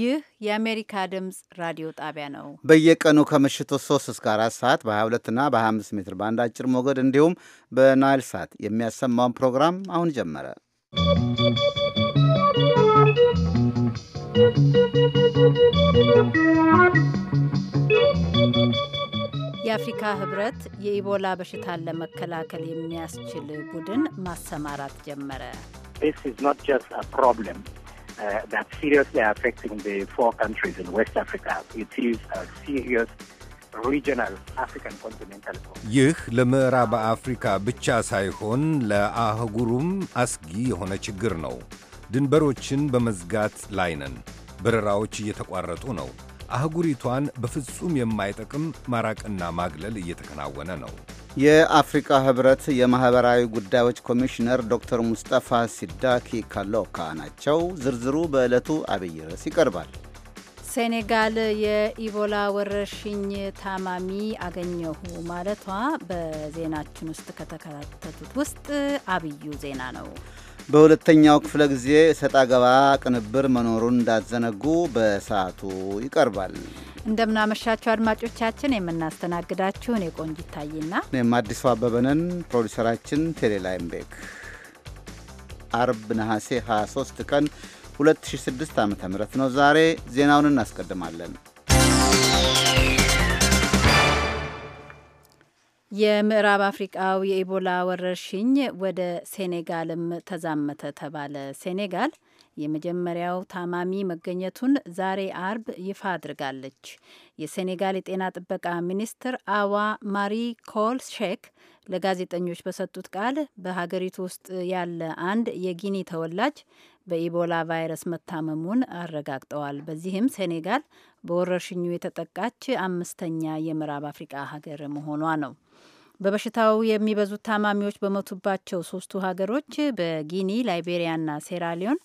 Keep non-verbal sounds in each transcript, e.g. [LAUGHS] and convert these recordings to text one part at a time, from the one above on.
ይህ የአሜሪካ ድምፅ ራዲዮ ጣቢያ ነው። በየቀኑ ከምሽቱ 3 እስከ 4 ሰዓት በ22 እና በ25 ሜትር ባንድ አጭር ሞገድ እንዲሁም በናይል ሳት የሚያሰማውን ፕሮግራም አሁን ጀመረ። ¶¶ የአፍሪካ ህብረት የኢቦላ በሽታን ለመከላከል የሚያስችል ቡድን ማሰማራት ጀመረ። uh, ይህ ለምዕራብ አፍሪካ ብቻ ሳይሆን ለአህጉሩም አስጊ የሆነ ችግር ነው። ድንበሮችን በመዝጋት ላይ ነን። በረራዎች እየተቋረጡ ነው። አህጉሪቷን በፍጹም የማይጠቅም ማራቅና ማግለል እየተከናወነ ነው። የአፍሪካ ህብረት የማኅበራዊ ጉዳዮች ኮሚሽነር ዶክተር ሙስጠፋ ሲዳኪ ካሎካ ናቸው። ዝርዝሩ በዕለቱ አብይ ርዕስ ይቀርባል። ሴኔጋል የኢቦላ ወረርሽኝ ታማሚ አገኘሁ ማለቷ በዜናችን ውስጥ ከተከታተቱት ውስጥ አብዩ ዜና ነው። በሁለተኛው ክፍለ ጊዜ ሰጣ ገባ ቅንብር መኖሩን እንዳዘነጉ በሰዓቱ ይቀርባል። እንደምናመሻቸው አድማጮቻችን፣ የምናስተናግዳችሁ እኔ ቆንጂት ይታይና፣ እኔም አዲሱ አበበነን። ፕሮዲሰራችን ቴሌላይምቤክ አርብ ነሐሴ 23 ቀን 2006 ዓ ም ነው። ዛሬ ዜናውን እናስቀድማለን። የምዕራብ አፍሪቃው የኢቦላ ወረርሽኝ ወደ ሴኔጋልም ተዛመተ ተባለ። ሴኔጋል የመጀመሪያው ታማሚ መገኘቱን ዛሬ አርብ ይፋ አድርጋለች። የሴኔጋል የጤና ጥበቃ ሚኒስትር አዋ ማሪ ኮል ሼክ ለጋዜጠኞች በሰጡት ቃል በሀገሪቱ ውስጥ ያለ አንድ የጊኒ ተወላጅ በኢቦላ ቫይረስ መታመሙን አረጋግጠዋል። በዚህም ሴኔጋል በወረርሽኙ የተጠቃች አምስተኛ የምዕራብ አፍሪቃ ሀገር መሆኗ ነው። በበሽታው የሚበዙት ታማሚዎች በሞቱባቸው ሶስቱ ሀገሮች በጊኒ፣ ላይቤሪያና ሴራሊዮን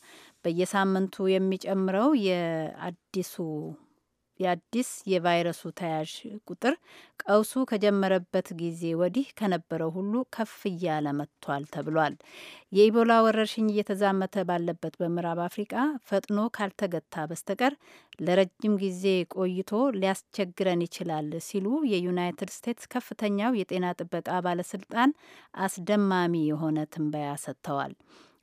በየሳምንቱ የሚጨምረው የአዲሱ የአዲስ የቫይረሱ ተያዥ ቁጥር ቀውሱ ከጀመረበት ጊዜ ወዲህ ከነበረው ሁሉ ከፍ እያለ መጥቷል ተብሏል። የኢቦላ ወረርሽኝ እየተዛመተ ባለበት በምዕራብ አፍሪቃ ፈጥኖ ካልተገታ በስተቀር ለረጅም ጊዜ ቆይቶ ሊያስቸግረን ይችላል ሲሉ የዩናይትድ ስቴትስ ከፍተኛው የጤና ጥበቃ ባለስልጣን አስደማሚ የሆነ ትንበያ ሰጥተዋል።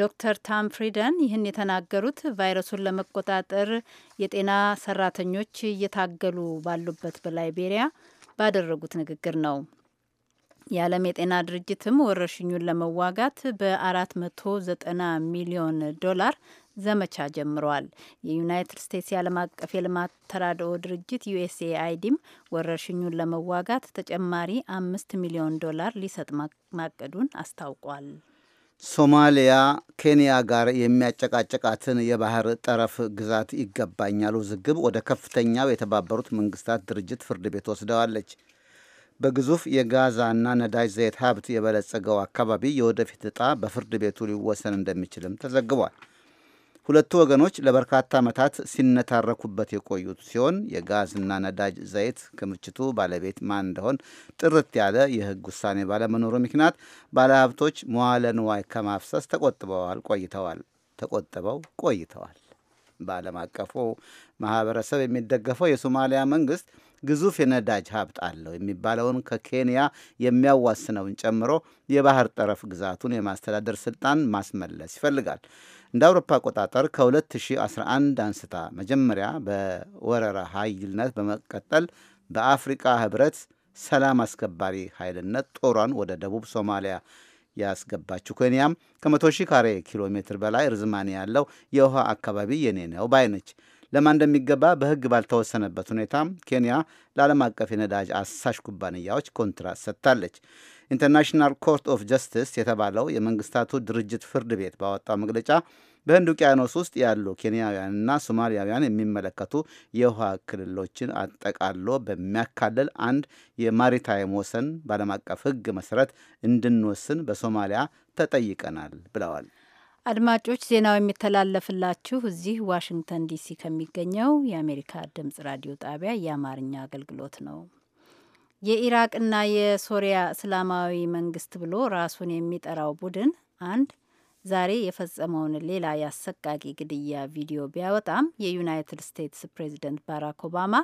ዶክተር ታም ፍሪደን ይህን የተናገሩት ቫይረሱን ለመቆጣጠር የጤና ሰራተኞች እየታገሉ ባሉበት በላይቤሪያ ባደረጉት ንግግር ነው። የዓለም የጤና ድርጅትም ወረርሽኙን ለመዋጋት በ490 ሚሊዮን ዶላር ዘመቻ ጀምሯል። የዩናይትድ ስቴትስ የዓለም አቀፍ የልማት ተራድኦ ድርጅት አይዲም ወረርሽኙን ለመዋጋት ተጨማሪ አምስት ሚሊዮን ዶላር ሊሰጥ ማቀዱን አስታውቋል። ሶማሊያ ኬንያ ጋር የሚያጨቃጨቃትን የባህር ጠረፍ ግዛት ይገባኛል ውዝግብ ወደ ከፍተኛው የተባበሩት መንግስታት ድርጅት ፍርድ ቤት ወስደዋለች። በግዙፍ የጋዛና ነዳጅ ዘይት ሀብት የበለጸገው አካባቢ የወደፊት ዕጣ በፍርድ ቤቱ ሊወሰን እንደሚችልም ተዘግቧል። ሁለቱ ወገኖች ለበርካታ ዓመታት ሲነታረኩበት የቆዩት ሲሆን የጋዝና ነዳጅ ዘይት ክምችቱ ባለቤት ማን እንደሆን ጥርት ያለ የሕግ ውሳኔ ባለመኖሩ ምክንያት ባለሀብቶች መዋለ ንዋይ ከማፍሰስ ተቆጥበዋል ቆይተዋል ተቆጥበው ቆይተዋል። በዓለም አቀፉ ማህበረሰብ የሚደገፈው የሶማሊያ መንግስት ግዙፍ የነዳጅ ሀብት አለው የሚባለውን ከኬንያ የሚያዋስነውን ጨምሮ የባህር ጠረፍ ግዛቱን የማስተዳደር ስልጣን ማስመለስ ይፈልጋል። እንደ አውሮፓ አቆጣጠር ከ2011 አንስታ መጀመሪያ በወረራ ኃይልነት በመቀጠል በአፍሪቃ ህብረት ሰላም አስከባሪ ኃይልነት ጦሯን ወደ ደቡብ ሶማሊያ ያስገባችው ኬንያም ከ100 ሺህ ካሬ ኪሎ ሜትር በላይ ርዝማኔ ያለው የውሃ አካባቢ የኔ ነው ባይነች። ለማን እንደሚገባ በሕግ ባልተወሰነበት ሁኔታ ኬንያ ለዓለም አቀፍ የነዳጅ አሳሽ ኩባንያዎች ኮንትራት ሰጥታለች። ኢንተርናሽናል ኮርት ኦፍ ጀስቲስ የተባለው የመንግስታቱ ድርጅት ፍርድ ቤት ባወጣው መግለጫ በህንድ ውቅያኖስ ውስጥ ያሉ ኬንያውያንና ሶማሊያውያን የሚመለከቱ የውሃ ክልሎችን አጠቃሎ በሚያካልል አንድ የማሪታይም ወሰን በዓለም አቀፍ ህግ መሰረት እንድንወስን በሶማሊያ ተጠይቀናል ብለዋል። አድማጮች ዜናው የሚተላለፍላችሁ እዚህ ዋሽንግተን ዲሲ ከሚገኘው የአሜሪካ ድምጽ ራዲዮ ጣቢያ የአማርኛ አገልግሎት ነው። የኢራቅና የሶሪያ እስላማዊ መንግስት ብሎ ራሱን የሚጠራው ቡድን አንድ ዛሬ የፈጸመውን ሌላ የአሰቃቂ ግድያ ቪዲዮ ቢያወጣም የዩናይትድ ስቴትስ ፕሬዚደንት ባራክ ኦባማ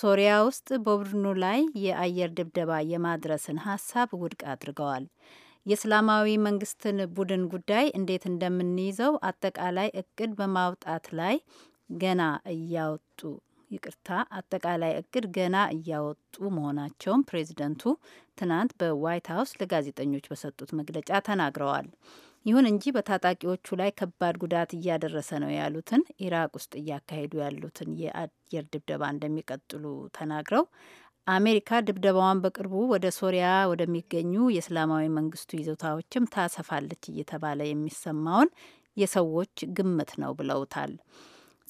ሶሪያ ውስጥ በቡድኑ ላይ የአየር ድብደባ የማድረስን ሀሳብ ውድቅ አድርገዋል። የእስላማዊ መንግስትን ቡድን ጉዳይ እንዴት እንደምንይዘው አጠቃላይ እቅድ በማውጣት ላይ ገና እያወጡ ይቅርታ አጠቃላይ እቅድ ገና እያወጡ መሆናቸውን ፕሬዚደንቱ ትናንት በዋይት ሀውስ ለጋዜጠኞች በሰጡት መግለጫ ተናግረዋል። ይሁን እንጂ በታጣቂዎቹ ላይ ከባድ ጉዳት እያደረሰ ነው ያሉትን ኢራቅ ውስጥ እያካሄዱ ያሉትን የአየር ድብደባ እንደሚቀጥሉ ተናግረው አሜሪካ ድብደባዋን በቅርቡ ወደ ሶሪያ ወደሚገኙ የእስላማዊ መንግስቱ ይዞታዎችም ታሰፋለች እየተባለ የሚሰማውን የሰዎች ግምት ነው ብለውታል።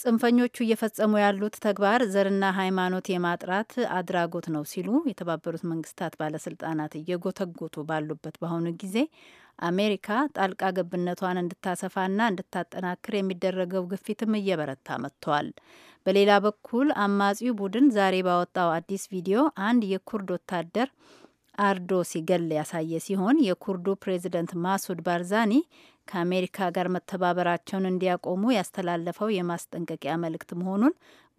ጽንፈኞቹ እየፈጸሙ ያሉት ተግባር ዘርና ሃይማኖት የማጥራት አድራጎት ነው ሲሉ የተባበሩት መንግስታት ባለስልጣናት እየጎተጎቱ ባሉበት በአሁኑ ጊዜ አሜሪካ ጣልቃ ገብነቷን እንድታሰፋና እንድታጠናክር የሚደረገው ግፊትም እየበረታ መጥቷል። በሌላ በኩል አማጺው ቡድን ዛሬ ባወጣው አዲስ ቪዲዮ አንድ የኩርድ ወታደር አርዶ ሲገል ያሳየ ሲሆን የኩርዱ ፕሬዚደንት ማሱድ ባርዛኒ ከአሜሪካ ጋር መተባበራቸውን እንዲያቆሙ ያስተላለፈው የማስጠንቀቂያ መልእክት መሆኑን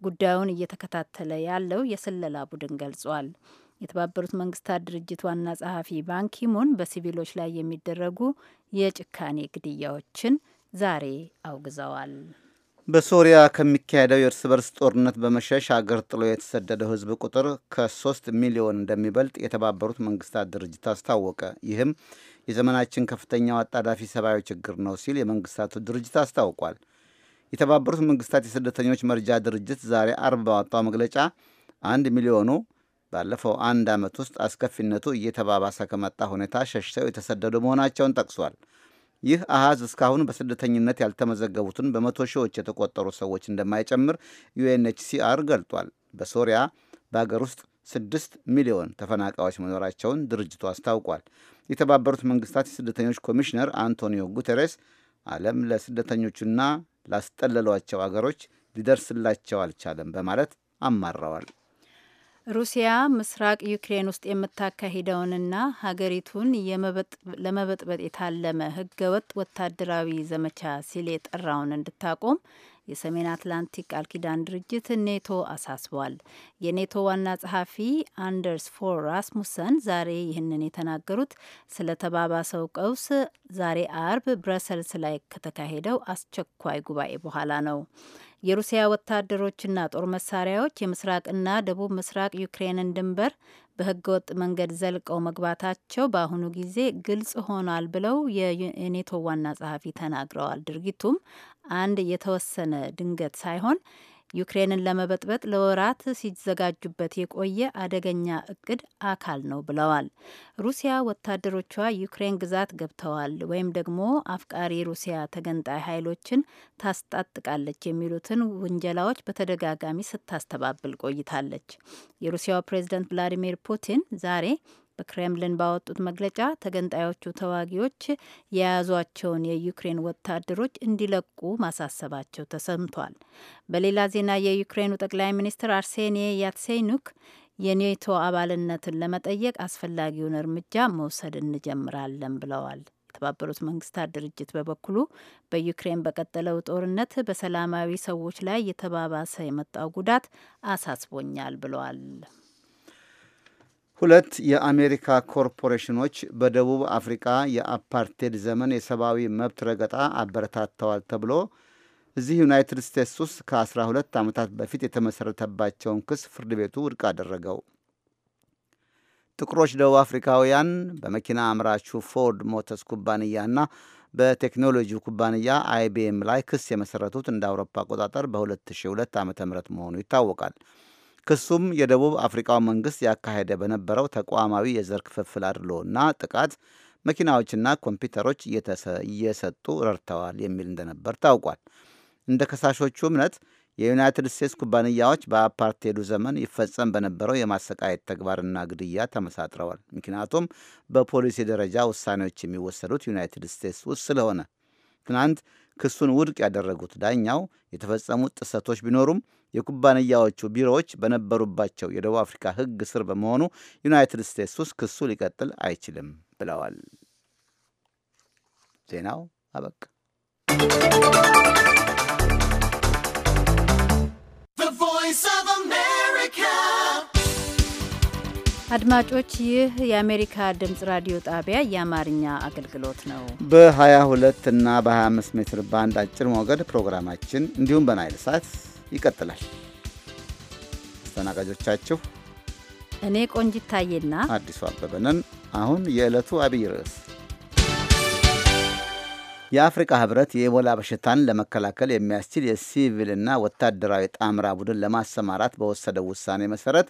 ጉዳዩን እየተከታተለ ያለው የስለላ ቡድን ገልጿል። የተባበሩት መንግስታት ድርጅት ዋና ጸሐፊ ባንኪሙን በሲቪሎች ላይ የሚደረጉ የጭካኔ ግድያዎችን ዛሬ አውግዘዋል። በሶሪያ ከሚካሄደው የእርስ በርስ ጦርነት በመሸሽ አገር ጥሎ የተሰደደው ሕዝብ ቁጥር ከሶስት ሚሊዮን እንደሚበልጥ የተባበሩት መንግስታት ድርጅት አስታወቀ። ይህም የዘመናችን ከፍተኛው አጣዳፊ ሰብአዊ ችግር ነው ሲል የመንግስታቱ ድርጅት አስታውቋል። የተባበሩት መንግስታት የስደተኞች መርጃ ድርጅት ዛሬ አርብ ባወጣው መግለጫ አንድ ሚሊዮኑ ባለፈው አንድ ዓመት ውስጥ አስከፊነቱ እየተባባሰ ከመጣ ሁኔታ ሸሽተው የተሰደዱ መሆናቸውን ጠቅሷል። ይህ አሃዝ እስካሁን በስደተኝነት ያልተመዘገቡትን በመቶ ሺዎች የተቆጠሩ ሰዎች እንደማይጨምር ዩኤንኤችሲአር ገልጧል። በሶሪያ በአገር ውስጥ ስድስት ሚሊዮን ተፈናቃዮች መኖራቸውን ድርጅቱ አስታውቋል። የተባበሩት መንግስታት የስደተኞች ኮሚሽነር አንቶኒዮ ጉተሬስ ዓለም ለስደተኞቹና ላስጠለሏቸው አገሮች ሊደርስላቸው አልቻለም በማለት አማረዋል። ሩሲያ ምስራቅ ዩክሬን ውስጥ የምታካሂደውንና ሀገሪቱን ለመበጥበጥ የታለመ ህገወጥ ወታደራዊ ዘመቻ ሲል የጠራውን እንድታቆም የሰሜን አትላንቲክ ቃል ኪዳን ድርጅት ኔቶ አሳስቧል። የኔቶ ዋና ጸሐፊ አንደርስ ፎር ራስሙሰን ዛሬ ይህንን የተናገሩት ስለ ተባባሰው ቀውስ ዛሬ አርብ ብረሰልስ ላይ ከተካሄደው አስቸኳይ ጉባኤ በኋላ ነው። የሩሲያ ወታደሮችና ጦር መሳሪያዎች የምስራቅና ደቡብ ምስራቅ ዩክሬንን ድንበር በህገወጥ መንገድ ዘልቀው መግባታቸው በአሁኑ ጊዜ ግልጽ ሆኗል ብለው የኔቶ ዋና ጸሐፊ ተናግረዋል። ድርጊቱም አንድ የተወሰነ ድንገት ሳይሆን ዩክሬንን ለመበጥበጥ ለወራት ሲዘጋጁበት የቆየ አደገኛ እቅድ አካል ነው ብለዋል። ሩሲያ ወታደሮቿ ዩክሬን ግዛት ገብተዋል ወይም ደግሞ አፍቃሪ ሩሲያ ተገንጣይ ኃይሎችን ታስጣጥቃለች የሚሉትን ውንጀላዎች በተደጋጋሚ ስታስተባብል ቆይታለች። የሩሲያው ፕሬዝደንት ቭላዲሚር ፑቲን ዛሬ በክሬምሊን ባወጡት መግለጫ ተገንጣዮቹ ተዋጊዎች የያዟቸውን የዩክሬን ወታደሮች እንዲለቁ ማሳሰባቸው ተሰምቷል። በሌላ ዜና የዩክሬኑ ጠቅላይ ሚኒስትር አርሴኒ ያትሴኑክ የኔቶ አባልነትን ለመጠየቅ አስፈላጊውን እርምጃ መውሰድ እንጀምራለን ብለዋል። የተባበሩት መንግስታት ድርጅት በበኩሉ በዩክሬን በቀጠለው ጦርነት በሰላማዊ ሰዎች ላይ የተባባሰ የመጣው ጉዳት አሳስቦኛል ብለዋል። ሁለት የአሜሪካ ኮርፖሬሽኖች በደቡብ አፍሪካ የአፓርቴድ ዘመን የሰብአዊ መብት ረገጣ አበረታተዋል ተብሎ እዚህ ዩናይትድ ስቴትስ ውስጥ ከ12 ዓመታት በፊት የተመሠረተባቸውን ክስ ፍርድ ቤቱ ውድቅ አደረገው። ጥቁሮች ደቡብ አፍሪካውያን በመኪና አምራቹ ፎርድ ሞተርስ ኩባንያና በቴክኖሎጂ ኩባንያ አይቢኤም ላይ ክስ የመሠረቱት እንደ አውሮፓ አቆጣጠር በ2002 ዓ ም መሆኑ ይታወቃል። ክሱም የደቡብ አፍሪካው መንግስት ያካሄደ በነበረው ተቋማዊ የዘር ክፍፍል አድሎና ጥቃት መኪናዎችና ኮምፒውተሮች እየሰጡ ረድተዋል የሚል እንደነበር ታውቋል። እንደ ከሳሾቹ እምነት የዩናይትድ ስቴትስ ኩባንያዎች በአፓርቴዱ ዘመን ይፈጸም በነበረው የማሰቃየት ተግባርና ግድያ ተመሳጥረዋል። ምክንያቱም በፖሊሲ ደረጃ ውሳኔዎች የሚወሰዱት ዩናይትድ ስቴትስ ውስጥ ስለሆነ። ትናንት ክሱን ውድቅ ያደረጉት ዳኛው የተፈጸሙት ጥሰቶች ቢኖሩም የኩባንያዎቹ ቢሮዎች በነበሩባቸው የደቡብ አፍሪካ ሕግ ስር በመሆኑ ዩናይትድ ስቴትስ ውስጥ ክሱ ሊቀጥል አይችልም ብለዋል። ዜናው አበቃ። አድማጮች ይህ የአሜሪካ ድምጽ ራዲዮ ጣቢያ የአማርኛ አገልግሎት ነው። በ22 እና በ25 ሜትር ባንድ አጭር ሞገድ ፕሮግራማችን እንዲሁም በናይል ሳት ይቀጥላል። አስተናጋጆቻችሁ እኔ ቆንጂት ታዬና አዲሱ አበበ ነን። አሁን የዕለቱ አብይ ርዕስ የአፍሪካ ህብረት የኢቦላ በሽታን ለመከላከል የሚያስችል የሲቪልና ወታደራዊ ጣምራ ቡድን ለማሰማራት በወሰደው ውሳኔ መሰረት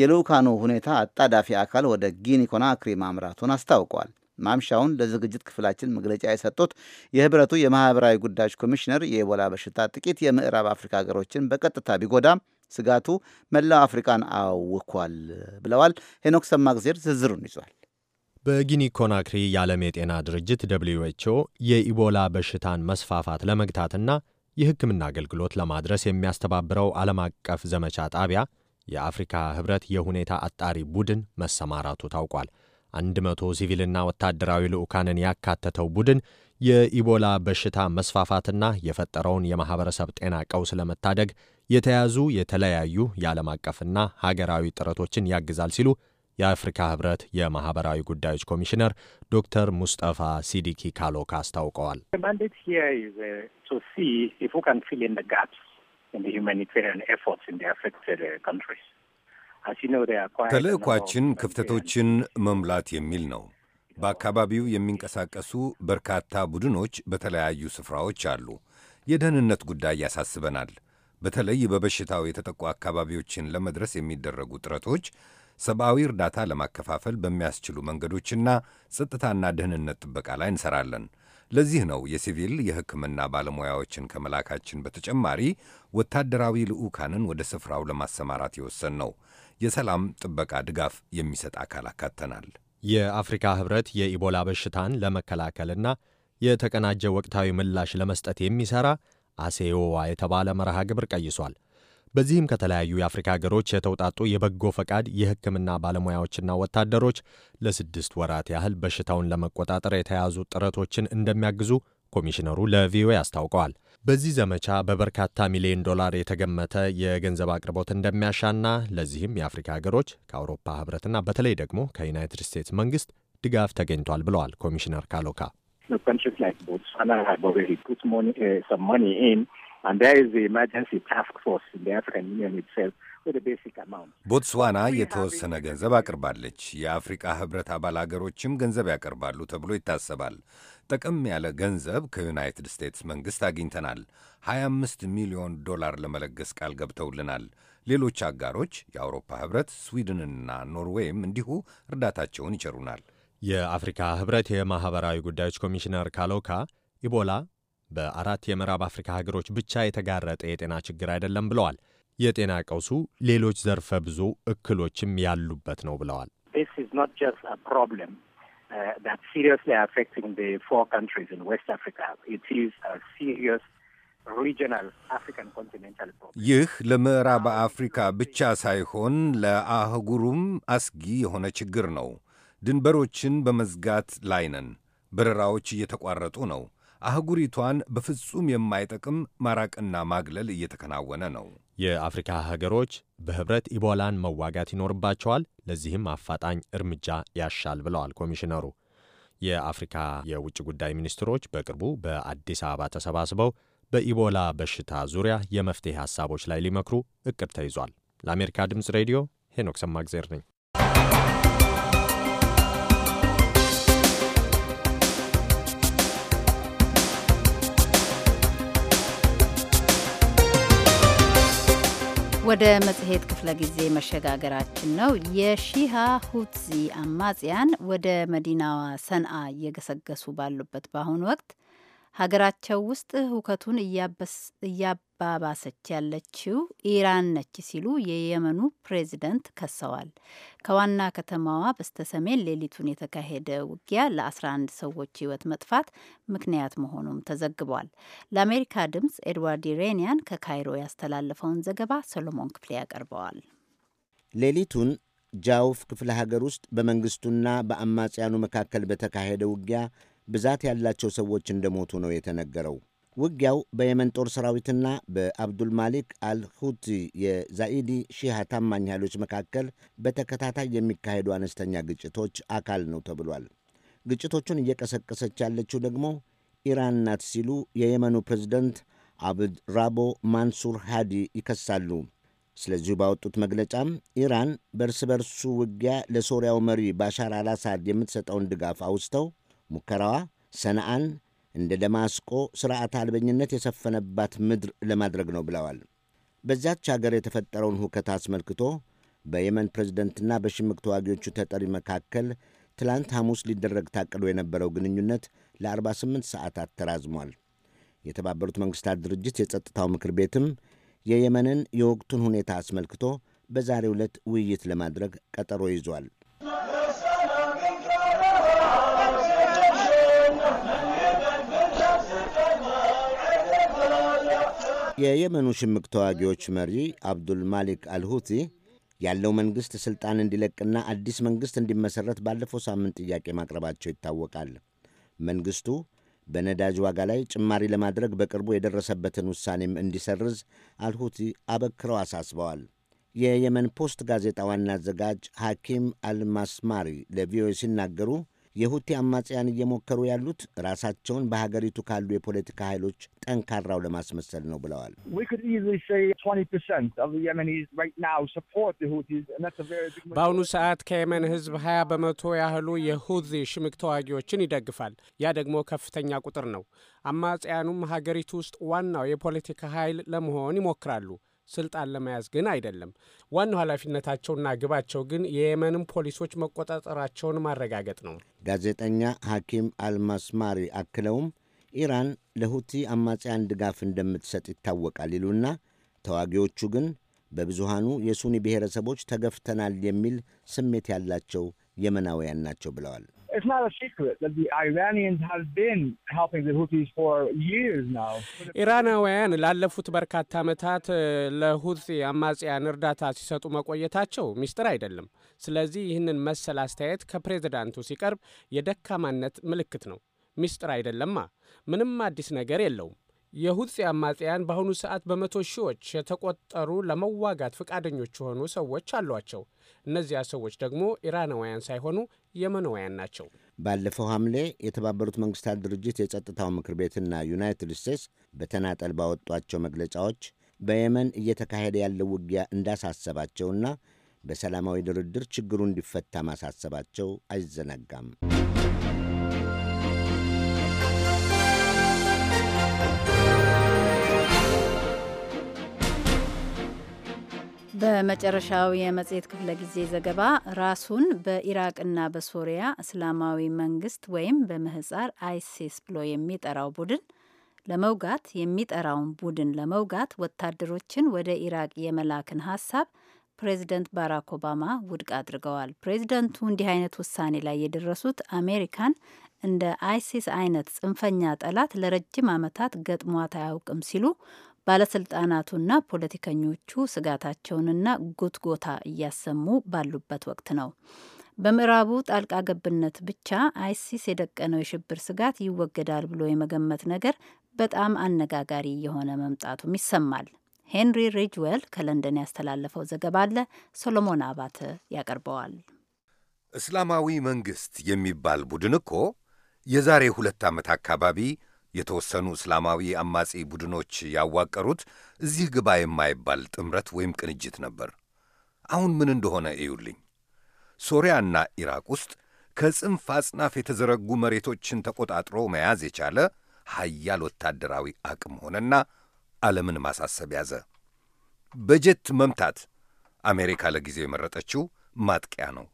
የልዑካኑ ሁኔታ አጣዳፊ አካል ወደ ጊኒ ኮናክሪ ማምራቱን አስታውቋል። ማምሻውን ለዝግጅት ክፍላችን መግለጫ የሰጡት የህብረቱ የማህበራዊ ጉዳዮች ኮሚሽነር የኢቦላ በሽታ ጥቂት የምዕራብ አፍሪካ ሀገሮችን በቀጥታ ቢጎዳም ስጋቱ መላው አፍሪካን አውኳል ብለዋል። ሄኖክ ሰማግዜር ዝርዝሩን ይዟል። በጊኒ ኮናክሪ የዓለም የጤና ድርጅት ደብልዩ ኤች ኦ የኢቦላ በሽታን መስፋፋት ለመግታትና የሕክምና አገልግሎት ለማድረስ የሚያስተባብረው ዓለም አቀፍ ዘመቻ ጣቢያ የአፍሪካ ህብረት የሁኔታ አጣሪ ቡድን መሰማራቱ ታውቋል። 100 ሲቪልና ወታደራዊ ልዑካንን ያካተተው ቡድን የኢቦላ በሽታ መስፋፋትና የፈጠረውን የማኅበረሰብ ጤና ቀውስ ለመታደግ የተያዙ የተለያዩ የዓለም አቀፍና ሀገራዊ ጥረቶችን ያግዛል ሲሉ የአፍሪካ ህብረት የማህበራዊ ጉዳዮች ኮሚሽነር ዶክተር ሙስጠፋ ሲዲኪ ካሎካ አስታውቀዋል። ተልእኳችን ክፍተቶችን መሙላት የሚል ነው። በአካባቢው የሚንቀሳቀሱ በርካታ ቡድኖች በተለያዩ ስፍራዎች አሉ። የደህንነት ጉዳይ ያሳስበናል። በተለይ በበሽታው የተጠቁ አካባቢዎችን ለመድረስ የሚደረጉ ጥረቶች ሰብአዊ እርዳታ ለማከፋፈል በሚያስችሉ መንገዶችና ጸጥታና ደህንነት ጥበቃ ላይ እንሰራለን። ለዚህ ነው የሲቪል የሕክምና ባለሙያዎችን ከመላካችን በተጨማሪ ወታደራዊ ልዑካንን ወደ ስፍራው ለማሰማራት የወሰን ነው። የሰላም ጥበቃ ድጋፍ የሚሰጥ አካል አካተናል። የአፍሪካ ህብረት የኢቦላ በሽታን ለመከላከልና የተቀናጀ ወቅታዊ ምላሽ ለመስጠት የሚሰራ አሴዮዋ የተባለ መርሃ ግብር ቀይሷል። በዚህም ከተለያዩ የአፍሪካ ሀገሮች የተውጣጡ የበጎ ፈቃድ የሕክምና ባለሙያዎችና ወታደሮች ለስድስት ወራት ያህል በሽታውን ለመቆጣጠር የተያዙ ጥረቶችን እንደሚያግዙ ኮሚሽነሩ ለቪኦኤ አስታውቀዋል። በዚህ ዘመቻ በበርካታ ሚሊዮን ዶላር የተገመተ የገንዘብ አቅርቦት እንደሚያሻና ለዚህም የአፍሪካ ሀገሮች ከአውሮፓ ህብረትና በተለይ ደግሞ ከዩናይትድ ስቴትስ መንግስት ድጋፍ ተገኝቷል ብለዋል ኮሚሽነር ካሎካ። uh, ቦትስዋና የተወሰነ ገንዘብ አቅርባለች። የአፍሪካ ህብረት አባል አገሮችም ገንዘብ ያቀርባሉ ተብሎ ይታሰባል። ጠቀም ያለ ገንዘብ ከዩናይትድ ስቴትስ መንግሥት አግኝተናል። 25 ሚሊዮን ዶላር ለመለገስ ቃል ገብተውልናል። ሌሎች አጋሮች የአውሮፓ ኅብረት፣ ስዊድንና ኖርዌይም እንዲሁ እርዳታቸውን ይቸሩናል። የአፍሪካ ኅብረት የማኅበራዊ ጉዳዮች ኮሚሽነር ካሎካ ኢቦላ በአራት የምዕራብ አፍሪካ ሀገሮች ብቻ የተጋረጠ የጤና ችግር አይደለም ብለዋል። የጤና ቀውሱ ሌሎች ዘርፈ ብዙ እክሎችም ያሉበት ነው ብለዋል። uh, that seriously affecting the four countries in West Africa. It is a serious regional African continental problem. ይህ ለምዕራብ አፍሪካ ብቻ ሳይሆን ለአህጉሩም አስጊ የሆነ ችግር ነው። ድንበሮችን በመዝጋት ላይ ነን። በረራዎች እየተቋረጡ ነው። አህጉሪቷን በፍጹም የማይጠቅም ማራቅና ማግለል እየተከናወነ ነው። የአፍሪካ ሀገሮች በህብረት ኢቦላን መዋጋት ይኖርባቸዋል፣ ለዚህም አፋጣኝ እርምጃ ያሻል ብለዋል ኮሚሽነሩ። የአፍሪካ የውጭ ጉዳይ ሚኒስትሮች በቅርቡ በአዲስ አበባ ተሰባስበው በኢቦላ በሽታ ዙሪያ የመፍትሄ ሀሳቦች ላይ ሊመክሩ እቅድ ተይዟል። ለአሜሪካ ድምፅ ሬዲዮ ሄኖክ ሰማግዜር ነኝ። ወደ መጽሔት ክፍለ ጊዜ መሸጋገራችን ነው። የሺሃ ሁትዚ አማጽያን ወደ መዲናዋ ሰንአ እየገሰገሱ ባሉበት በአሁኑ ወቅት ሀገራቸው ውስጥ ሁከቱን እያባባሰች ያለችው ኢራን ነች ሲሉ የየመኑ ፕሬዚደንት ከሰዋል። ከዋና ከተማዋ በስተሰሜን ሌሊቱን የተካሄደ ውጊያ ለ11 ሰዎች ሕይወት መጥፋት ምክንያት መሆኑም ተዘግቧል። ለአሜሪካ ድምጽ ኤድዋርድ ኢሬኒያን ከካይሮ ያስተላለፈውን ዘገባ ሰሎሞን ክፍሌ ያቀርበዋል። ሌሊቱን ጃውፍ ክፍለ ሀገር ውስጥ በመንግሥቱና በአማጽያኑ መካከል በተካሄደ ውጊያ ብዛት ያላቸው ሰዎች እንደሞቱ ነው የተነገረው። ውጊያው በየመን ጦር ሰራዊትና በአብዱልማሊክ አልሁቲ የዛኢዲ ሺህ ታማኝ ኃይሎች መካከል በተከታታይ የሚካሄዱ አነስተኛ ግጭቶች አካል ነው ተብሏል። ግጭቶቹን እየቀሰቀሰች ያለችው ደግሞ ኢራን ናት ሲሉ የየመኑ ፕሬዝደንት አብድ ራቦ ማንሱር ሃዲ ይከሳሉ። ስለዚሁ ባወጡት መግለጫም ኢራን በእርስ በርሱ ውጊያ ለሶሪያው መሪ ባሻር አልአሳድ የምትሰጠውን ድጋፍ አውስተው ሙከራዋ ሰንዓን እንደ ደማስቆ ሥርዓት አልበኝነት የሰፈነባት ምድር ለማድረግ ነው ብለዋል። በዚያች አገር የተፈጠረውን ሁከት አስመልክቶ በየመን ፕሬዝደንትና በሽምቅ ተዋጊዎቹ ተጠሪ መካከል ትላንት ሐሙስ ሊደረግ ታቅዶ የነበረው ግንኙነት ለ48 ሰዓታት ተራዝሟል። የተባበሩት መንግሥታት ድርጅት የጸጥታው ምክር ቤትም የየመንን የወቅቱን ሁኔታ አስመልክቶ በዛሬ ዕለት ውይይት ለማድረግ ቀጠሮ ይዟል። የየመኑ ሽምቅ ተዋጊዎች መሪ አብዱልማሊክ አልሁቲ ያለው መንግሥት ሥልጣን እንዲለቅና አዲስ መንግሥት እንዲመሠረት ባለፈው ሳምንት ጥያቄ ማቅረባቸው ይታወቃል። መንግሥቱ በነዳጅ ዋጋ ላይ ጭማሪ ለማድረግ በቅርቡ የደረሰበትን ውሳኔም እንዲሰርዝ አልሁቲ አበክረው አሳስበዋል። የየመን ፖስት ጋዜጣ ዋና አዘጋጅ ሐኪም አልማስማሪ ለቪኦኤ ሲናገሩ የሁቲ አማጽያን እየሞከሩ ያሉት ራሳቸውን በሀገሪቱ ካሉ የፖለቲካ ኃይሎች ጠንካራው ለማስመሰል ነው ብለዋል። በአሁኑ ሰዓት ከየመን ሕዝብ ሀያ በመቶ ያህሉ የሁዚ ሽምቅ ተዋጊዎችን ይደግፋል። ያ ደግሞ ከፍተኛ ቁጥር ነው። አማጽያኑም ሀገሪቱ ውስጥ ዋናው የፖለቲካ ኃይል ለመሆን ይሞክራሉ። ስልጣን ለመያዝ ግን አይደለም። ዋናው ኃላፊነታቸውና ግባቸው ግን የየመንም ፖሊሶች መቆጣጠራቸውን ማረጋገጥ ነው። ጋዜጠኛ ሐኪም አልማስማሪ አክለውም ኢራን ለሁቲ አማጽያን ድጋፍ እንደምትሰጥ ይታወቃል ይሉና ተዋጊዎቹ ግን በብዙሃኑ የሱኒ ብሔረሰቦች ተገፍተናል የሚል ስሜት ያላቸው የመናውያን ናቸው ብለዋል። it's not a secret that the Iranians have been helping the Houthis for years now. ኢራናውያን ላለፉት በርካታ ዓመታት ለሁቲ አማጽያን እርዳታ ሲሰጡ መቆየታቸው ሚስጥር አይደለም። ስለዚህ ይህንን መሰል አስተያየት ከፕሬዝዳንቱ ሲቀርብ የደካማነት ምልክት ነው። ሚስጥር አይደለማ። ምንም አዲስ ነገር የለውም። የሁቲ አማጽያን በአሁኑ ሰዓት በመቶ ሺዎች የተቆጠሩ ለመዋጋት ፈቃደኞች የሆኑ ሰዎች አሏቸው። እነዚያ ሰዎች ደግሞ ኢራናውያን ሳይሆኑ የመናውያን ናቸው። ባለፈው ሐምሌ የተባበሩት መንግስታት ድርጅት የጸጥታው ምክር ቤትና ዩናይትድ ስቴትስ በተናጠል ባወጧቸው መግለጫዎች በየመን እየተካሄደ ያለው ውጊያ እንዳሳሰባቸውና በሰላማዊ ድርድር ችግሩ እንዲፈታ ማሳሰባቸው አይዘነጋም። በመጨረሻው የመጽሔት ክፍለ ጊዜ ዘገባ ራሱን በኢራቅና በሶሪያ እስላማዊ መንግስት ወይም በምህጻር አይሲስ ብሎ የሚጠራው ቡድን ለመውጋት የሚጠራውን ቡድን ለመውጋት ወታደሮችን ወደ ኢራቅ የመላክን ሀሳብ ፕሬዚደንት ባራክ ኦባማ ውድቅ አድርገዋል። ፕሬዚደንቱ እንዲህ አይነት ውሳኔ ላይ የደረሱት አሜሪካን እንደ አይሲስ አይነት ጽንፈኛ ጠላት ለረጅም ዓመታት ገጥሟት አያውቅም ሲሉ ባለስልጣናቱና ፖለቲከኞቹ ስጋታቸውንና ጉትጎታ እያሰሙ ባሉበት ወቅት ነው። በምዕራቡ ጣልቃ ገብነት ብቻ አይሲስ የደቀነው የሽብር ስጋት ይወገዳል ብሎ የመገመት ነገር በጣም አነጋጋሪ የሆነ መምጣቱም ይሰማል። ሄንሪ ሪጅዌል ከለንደን ያስተላለፈው ዘገባ አለ። ሶሎሞን አባተ ያቀርበዋል። እስላማዊ መንግሥት የሚባል ቡድን እኮ የዛሬ ሁለት ዓመት አካባቢ የተወሰኑ እስላማዊ አማጺ ቡድኖች ያዋቀሩት እዚህ ግባ የማይባል ጥምረት ወይም ቅንጅት ነበር። አሁን ምን እንደሆነ እዩልኝ። ሶሪያና ኢራቅ ውስጥ ከጽንፍ አጽናፍ የተዘረጉ መሬቶችን ተቆጣጥሮ መያዝ የቻለ ሀያል ወታደራዊ አቅም ሆነና ዓለምን ማሳሰብ ያዘ። በጀት መምታት አሜሪካ ለጊዜው የመረጠችው ማጥቂያ ነው።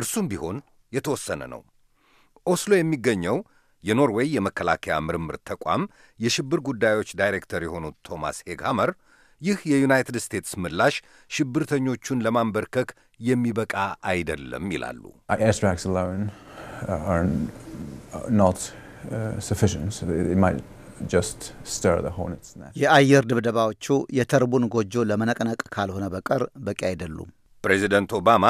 እርሱም ቢሆን የተወሰነ ነው። ኦስሎ የሚገኘው የኖርዌይ የመከላከያ ምርምር ተቋም የሽብር ጉዳዮች ዳይሬክተር የሆኑት ቶማስ ሄግሃመር ይህ የዩናይትድ ስቴትስ ምላሽ ሽብርተኞቹን ለማንበርከክ የሚበቃ አይደለም ይላሉ። uh, uh, የአየር ድብደባዎቹ የተርቡን ጎጆ ለመነቅነቅ ካልሆነ በቀር በቂ አይደሉም። ፕሬዚደንት ኦባማ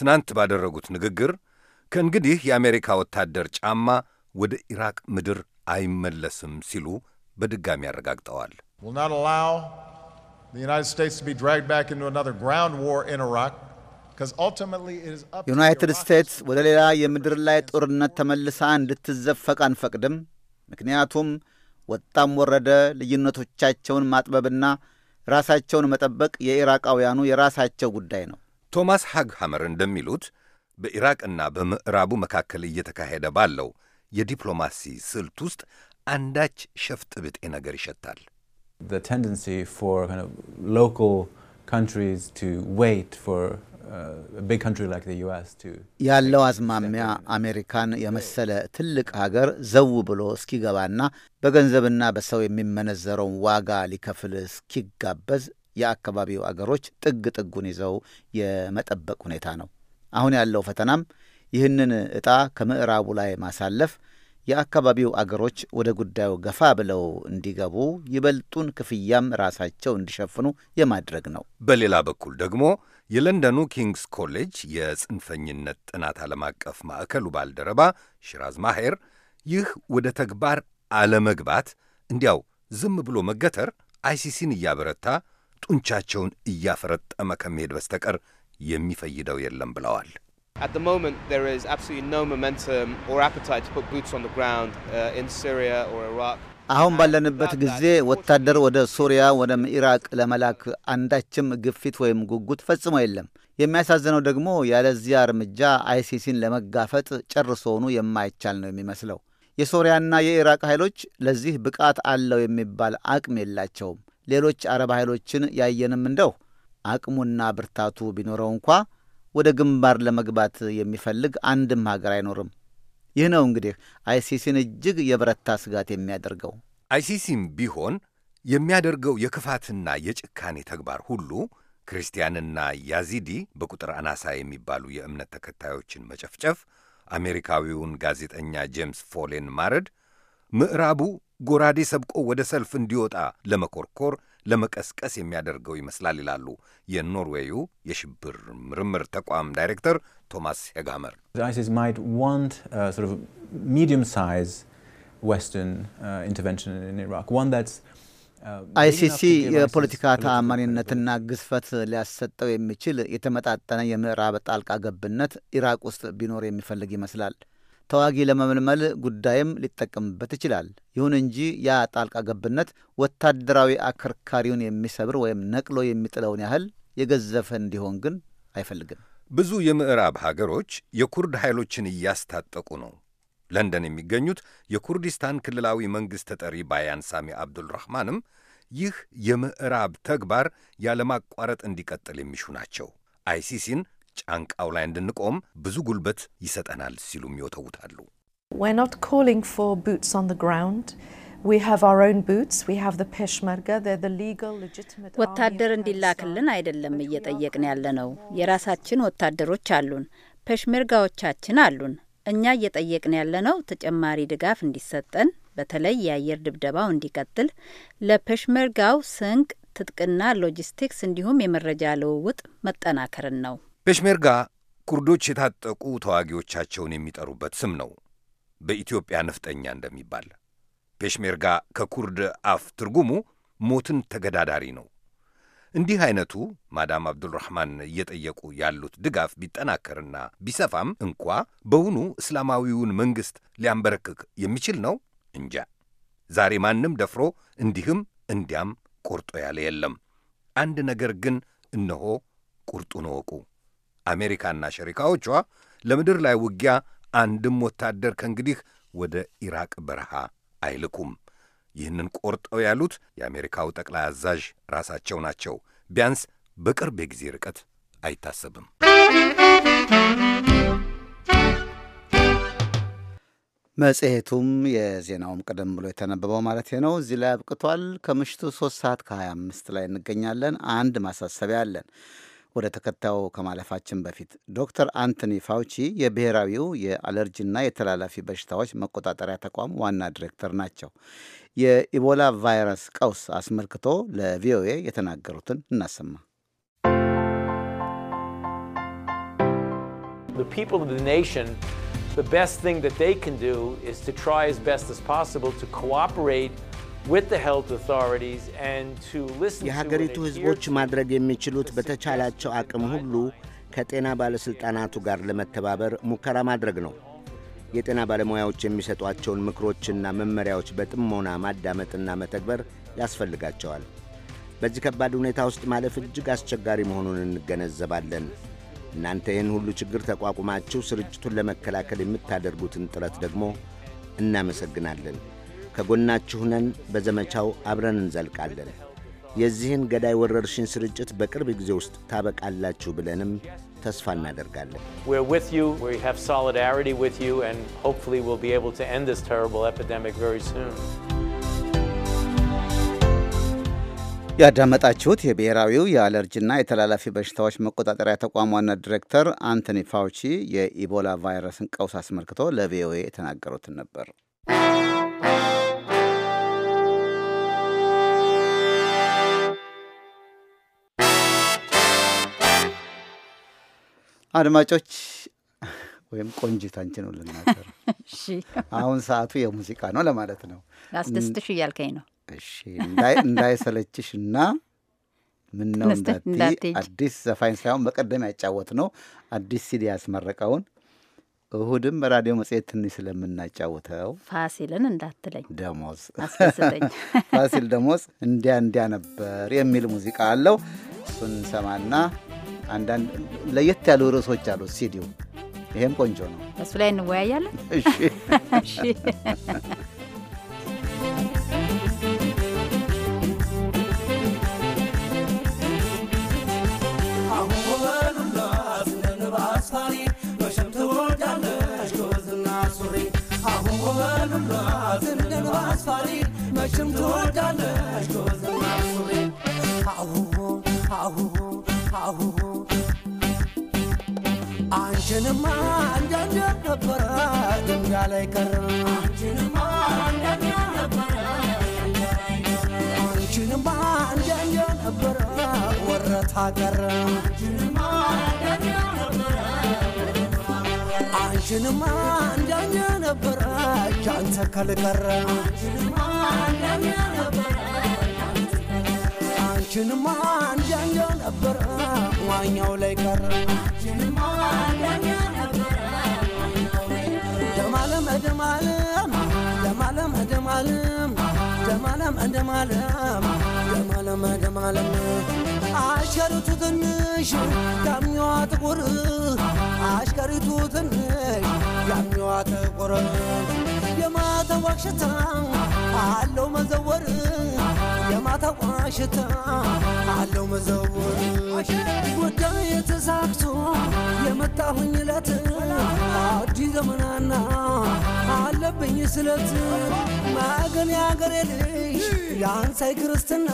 ትናንት ባደረጉት ንግግር ከእንግዲህ የአሜሪካ ወታደር ጫማ ወደ ኢራቅ ምድር አይመለስም ሲሉ በድጋሚ አረጋግጠዋል። ዩናይትድ ስቴትስ ወደ ሌላ የምድር ላይ ጦርነት ተመልሳ እንድትዘፈቅ አንፈቅድም። ምክንያቱም ወጣም ወረደ ልዩነቶቻቸውን ማጥበብና ራሳቸውን መጠበቅ የኢራቃውያኑ የራሳቸው ጉዳይ ነው። ቶማስ ሃግሃመር እንደሚሉት በኢራቅና በምዕራቡ መካከል እየተካሄደ ባለው የዲፕሎማሲ ስልት ውስጥ አንዳች ሸፍጥ ብጤ ነገር ይሸታል። uh, ያለው አዝማሚያ አሜሪካን የመሰለ ትልቅ ሀገር ዘው ብሎ እስኪገባና በገንዘብና በሰው የሚመነዘረውን ዋጋ ሊከፍል እስኪጋበዝ የአካባቢው አገሮች ጥግ ጥጉን ይዘው የመጠበቅ ሁኔታ ነው። አሁን ያለው ፈተናም ይህንን ዕጣ ከምዕራቡ ላይ ማሳለፍ የአካባቢው አገሮች ወደ ጉዳዩ ገፋ ብለው እንዲገቡ ይበልጡን ክፍያም ራሳቸው እንዲሸፍኑ የማድረግ ነው። በሌላ በኩል ደግሞ የለንደኑ ኪንግስ ኮሌጅ የጽንፈኝነት ጥናት ዓለም አቀፍ ማዕከሉ ባልደረባ ሽራዝ ማሄር ይህ ወደ ተግባር አለመግባት እንዲያው ዝም ብሎ መገተር አይሲሲን እያበረታ ጡንቻቸውን እያፈረጠመ ከመሄድ በስተቀር የሚፈይደው የለም ብለዋል። At the moment, there is absolutely no momentum or appetite to put boots on the ground uh, in Syria or Iraq. አሁን ባለንበት ጊዜ ወታደር ወደ ሱሪያ ወደም ኢራቅ ለመላክ አንዳችም ግፊት ወይም ጉጉት ፈጽሞ የለም። የሚያሳዝነው ደግሞ ያለዚያ እርምጃ አይሲሲን ለመጋፈጥ ጨርሶውኑ የማይቻል ነው የሚመስለው። የሶሪያና የኢራቅ ኃይሎች ለዚህ ብቃት አለው የሚባል አቅም የላቸውም። ሌሎች አረብ ኃይሎችን ያየንም እንደው አቅሙና ብርታቱ ቢኖረው እንኳ ወደ ግንባር ለመግባት የሚፈልግ አንድም ሀገር አይኖርም። ይህ ነው እንግዲህ አይሲሲን እጅግ የበረታ ስጋት የሚያደርገው። አይሲሲም ቢሆን የሚያደርገው የክፋትና የጭካኔ ተግባር ሁሉ ክርስቲያንና ያዚዲ በቁጥር አናሳ የሚባሉ የእምነት ተከታዮችን መጨፍጨፍ፣ አሜሪካዊውን ጋዜጠኛ ጄምስ ፎሌን ማረድ፣ ምዕራቡ ጎራዴ ሰብቆ ወደ ሰልፍ እንዲወጣ ለመኮርኮር ለመቀስቀስ የሚያደርገው ይመስላል ይላሉ የኖርዌዩ የሽብር ምርምር ተቋም ዳይሬክተር ቶማስ ሄጋመር። አይሲሲ uh, uh, uh, የፖለቲካ ተአማኒነትና ግዝፈት ሊያሰጠው የሚችል የተመጣጠነ የምዕራብ ጣልቃ ገብነት ኢራቅ ውስጥ ቢኖር የሚፈልግ ይመስላል። ተዋጊ ለመመልመል ጉዳይም ሊጠቀምበት ይችላል። ይሁን እንጂ ያ ጣልቃ ገብነት ወታደራዊ አከርካሪውን የሚሰብር ወይም ነቅሎ የሚጥለውን ያህል የገዘፈ እንዲሆን ግን አይፈልግም። ብዙ የምዕራብ ሀገሮች የኩርድ ኃይሎችን እያስታጠቁ ነው። ለንደን የሚገኙት የኩርዲስታን ክልላዊ መንግሥት ተጠሪ ባያን ሳሚ አብዱልራህማንም ይህ የምዕራብ ተግባር ያለማቋረጥ እንዲቀጥል የሚሹ ናቸው። አይሲሲን ጫንቃው ላይ እንድንቆም ብዙ ጉልበት ይሰጠናል ሲሉም ይወተውታሉ። ወታደር እንዲላክልን uh, አይደለም እየጠየቅን ያለ ነው። የራሳችን ወታደሮች አሉን፣ ፔሽሜርጋዎቻችን አሉን። እኛ እየጠየቅን ያለ ነው ተጨማሪ ድጋፍ እንዲሰጠን፣ በተለይ የአየር ድብደባው እንዲቀጥል፣ ለፔሽሜርጋው ስንቅ፣ ትጥቅና ሎጂስቲክስ እንዲሁም የመረጃ ልውውጥ መጠናከርን ነው። ፔሽሜርጋ ኩርዶች የታጠቁ ተዋጊዎቻቸውን የሚጠሩበት ስም ነው፣ በኢትዮጵያ ነፍጠኛ እንደሚባል። ፔሽሜርጋ ከኩርድ አፍ ትርጉሙ ሞትን ተገዳዳሪ ነው። እንዲህ አይነቱ ማዳም አብዱልራህማን እየጠየቁ ያሉት ድጋፍ ቢጠናከርና ቢሰፋም እንኳ በውኑ እስላማዊውን መንግሥት ሊያንበረክክ የሚችል ነው? እንጃ። ዛሬ ማንም ደፍሮ እንዲህም እንዲያም ቆርጦ ያለ የለም። አንድ ነገር ግን እነሆ ቁርጡን እወቁ። አሜሪካና ሸሪካዎቿ ለምድር ላይ ውጊያ አንድም ወታደር ከእንግዲህ ወደ ኢራቅ በረሃ አይልኩም። ይህንን ቆርጠው ያሉት የአሜሪካው ጠቅላይ አዛዥ ራሳቸው ናቸው። ቢያንስ በቅርብ የጊዜ ርቀት አይታሰብም። መጽሔቱም የዜናውም ቀደም ብሎ የተነበበው ማለት ነው እዚህ ላይ አብቅቷል። ከምሽቱ 3 ሰዓት ከ25 ላይ እንገኛለን። አንድ ማሳሰቢያ አለን። ወደ ተከታዩ ከማለፋችን በፊት ዶክተር አንቶኒ ፋውቺ የብሔራዊው የአለርጂና የተላላፊ በሽታዎች መቆጣጠሪያ ተቋም ዋና ዲሬክተር ናቸው። የኢቦላ ቫይረስ ቀውስ አስመልክቶ ለቪኦኤ የተናገሩትን እናሰማ። The best thing that they can do is to try as best as possible to cooperate የሀገሪቱ ሕዝቦች ማድረግ የሚችሉት በተቻላቸው አቅም ሁሉ ከጤና ባለሥልጣናቱ ጋር ለመተባበር ሙከራ ማድረግ ነው። የጤና ባለሙያዎች የሚሰጧቸውን ምክሮችና መመሪያዎች በጥሞና ማዳመጥና መተግበር ያስፈልጋቸዋል። በዚህ ከባድ ሁኔታ ውስጥ ማለፍ እጅግ አስቸጋሪ መሆኑን እንገነዘባለን። እናንተ ይህን ሁሉ ችግር ተቋቁማችሁ ስርጭቱን ለመከላከል የምታደርጉትን ጥረት ደግሞ እናመሰግናለን። ከጎናችሁ ነን። በዘመቻው አብረን እንዘልቃለን። የዚህን ገዳይ ወረርሽኝ ስርጭት በቅርብ ጊዜ ውስጥ ታበቃላችሁ ብለንም ተስፋ እናደርጋለን። ያዳመጣችሁት የብሔራዊው የአለርጂና የተላላፊ በሽታዎች መቆጣጠሪያ ተቋም ዋና ዲሬክተር አንቶኒ ፋውቺ የኢቦላ ቫይረስን ቀውስ አስመልክቶ ለቪኦኤ የተናገሩትን ነበር። አድማጮች ወይም ቆንጂት አንቺ ነው ልናገር። [LAUGHS] አሁን ሰዓቱ የሙዚቃ ነው ለማለት ነው። ላስደስትሽ እያልከኝ ነው። እሺ [LAUGHS] እንዳይሰለችሽ እና ምነው እንዳትዪ አዲስ ዘፋኝ ሳይሆን በቀደም ያጫወት ነው አዲስ ሲል ያስመረቀውን እሁድም በራዲዮ መጽሔት ትንሽ ስለምናጫውተው ፋሲልን እንዳትለኝ ደሞዝ [LAUGHS] አስደስተኝ። ፋሲል ደሞዝ እንዲያ እንዲያ ነበር የሚል ሙዚቃ አለው። እሱን ሰማና አንዳንድ ለየት ያሉ ርዕሶች አሉት ሲዲው። ይሄም ቆንጆ ነው። እሱ ላይ እንወያያለን። እሺ መቼም አሁ አሁ አሁ አንቺንማ እንዳንድ ነበረ ድንጋይ ላይ ቀረ አንቺንማ እንዳንድ ነበረ አንቺንማ እንዳንድ ነበረ ወረታ ቀረ አንቺንማ እንዳንድ ነበረ አንቺንማ ጃንተ ከልቀረ አንቺንማ እንዳንድ ነበረ ማኛው ላይ ቀረ ደማለም ደማለም ደማለም ደማለም ደማለም ደማለም አሽከሪቱ ትንሽ ዳሚዋ ጥቁር አሽከሪቱ ትንሽ ዳሚዋ ጥቁር የማተዋክሽታ አለው መዘወር የማታው ሽታ አለው መዘውር ጉዳይ ተሳክቶ የመጣሁኝ ለት አዲስ ዘመናና አለብኝ ስለት መገን ያገሬ ልጅ የአንሳይ ክርስትና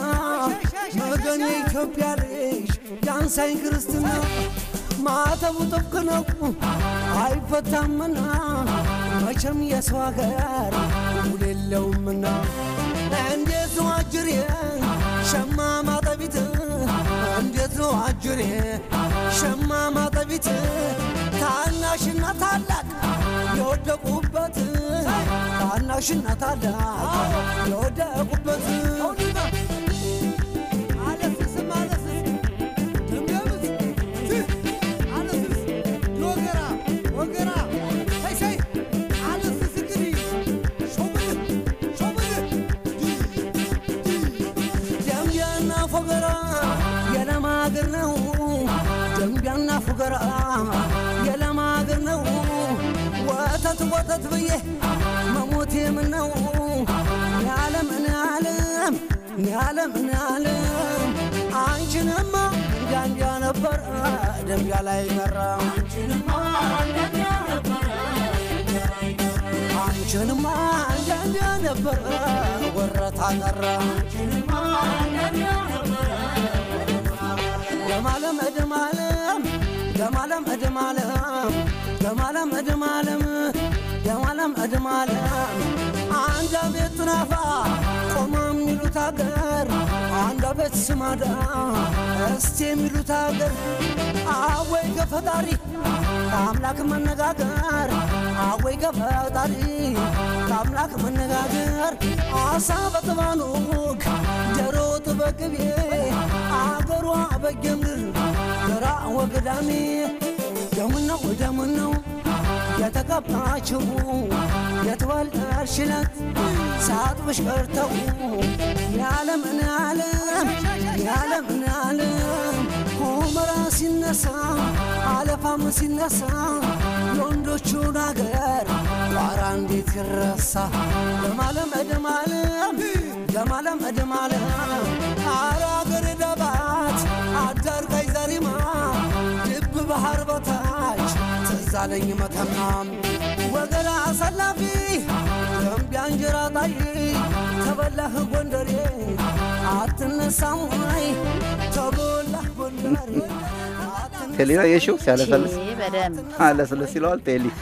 መገን የኢትዮጵያ ልጅ የአንሳይ ክርስትና ማተቡ ጥብቅ ነው አይፈታምና መቼም የሰው ሀገር ውሌለውምና አጅሬ ሸማ ማጠቢት እንዴት ነው አጅሬ ሸማ ማጠቢት ታናሽና ታላቅ የወደቁበት ታናሽና ታላቅ የወደቁበት ሀገር ነው ደንቢያና ፉገራ የለማ ሀገር ነው ወተት ወተት ብዬ መሞቴ ምን ነው ያለም ያለም ያለም ያለም አንቺንማ ጋንዲያ ነበር ደንቢያ ላይ መራ አንቺንማ ጋንዲያ ነበር ወረታ ቀራ ደማለም እድማለም ደማለም እድማለም ደማለም እድማለም ደማለም እድማለም አንድ ቤት ናፋ ቆማ የሚሉት አገር አንድ ቤት ስማዳ እስቲ የሚሉት አገር አወይ ገፈጣሪ ከአምላክ መነጋገር አወይ ገፈጣሪ ከአምላክ መነጋገር አሳ በጥባኑክ ዶሮ ጥበቅቤ አገሯ በጀም ግራ ወግዳሚ ደሙነው ደሙነው የተቀባችው የተወለድሽለት ሳጥብሽ ቀርተው የዓለምን ዓለም የዓለምን ዓለም ሲነሳ አለፋም ሲነሳ የወንዶቹን አገር ዋራ እንዴት ይረሳ? ደማለም ደማለም አራ ታች ትዛለኝ መተማ ወገራ አሳላፊ ገንቢያ እንጀራ ጣይ ተበላህ ጎንደሬ አትነሳሙይ ተበላህ ጎንደሬ ቴሊና የሺው ሲያለሰልስ አለስልስ ይለዋል። ቴሊ [LAUGHS]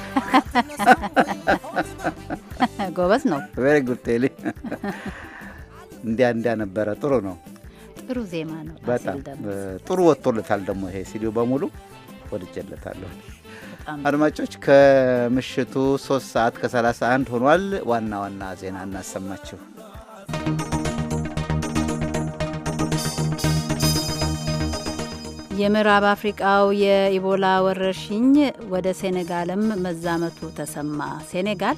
ጎበዝ ነው። ቬሪ ጉድ ቴሊ። እንዲያ እንዲያ ነበረ። ጥሩ ነው። ጥሩ ዜማ ነው። በጣም ጥሩ ወጥቶለታል። ደግሞ ይሄ ሲዲዮ በሙሉ ወድጀለታለሁ። አድማጮች ከምሽቱ 3 ሰዓት ከ31 ሆኗል። ዋና ዋና ዜና እናሰማችሁ። የምዕራብ አፍሪቃው የኢቦላ ወረርሽኝ ወደ ሴኔጋልም መዛመቱ ተሰማ። ሴኔጋል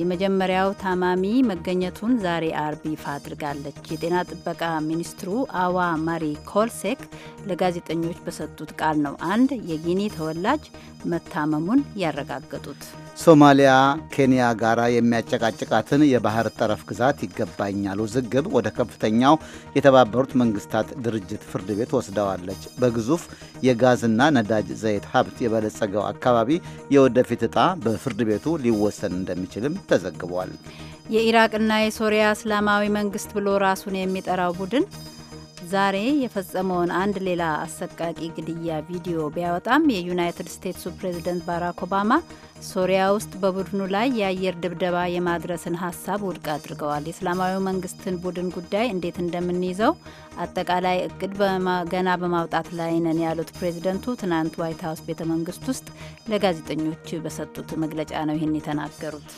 የመጀመሪያው ታማሚ መገኘቱን ዛሬ አርብ ይፋ አድርጋለች። የጤና ጥበቃ ሚኒስትሩ አዋ ማሪ ኮልሴክ ለጋዜጠኞች በሰጡት ቃል ነው። አንድ የጊኒ ተወላጅ መታመሙን ያረጋገጡት። ሶማሊያ ኬንያ ጋር የሚያጨቃጭቃትን የባህር ጠረፍ ግዛት ይገባኛል ውዝግብ ወደ ከፍተኛው የተባበሩት መንግስታት ድርጅት ፍርድ ቤት ወስደዋለች። በግዙፍ የጋዝና ነዳጅ ዘይት ሀብት የበለጸገው አካባቢ የወደፊት ዕጣ በፍርድ ቤቱ ሊወሰን እንደሚችልም ተዘግቧል። የኢራቅና የሶሪያ እስላማዊ መንግስት ብሎ ራሱን የሚጠራው ቡድን ዛሬ የፈጸመውን አንድ ሌላ አሰቃቂ ግድያ ቪዲዮ ቢያወጣም የዩናይትድ ስቴትሱ ፕሬዝደንት ባራክ ኦባማ ሶሪያ ውስጥ በቡድኑ ላይ የአየር ድብደባ የማድረስን ሀሳብ ውድቅ አድርገዋል። የእስላማዊ መንግስትን ቡድን ጉዳይ እንዴት እንደምንይዘው አጠቃላይ እቅድ ገና በማውጣት ላይ ነን ያሉት ፕሬዝደንቱ ትናንት ዋይት ሀውስ ቤተ መንግስት ውስጥ ለጋዜጠኞች በሰጡት መግለጫ ነው ይህን የተናገሩት።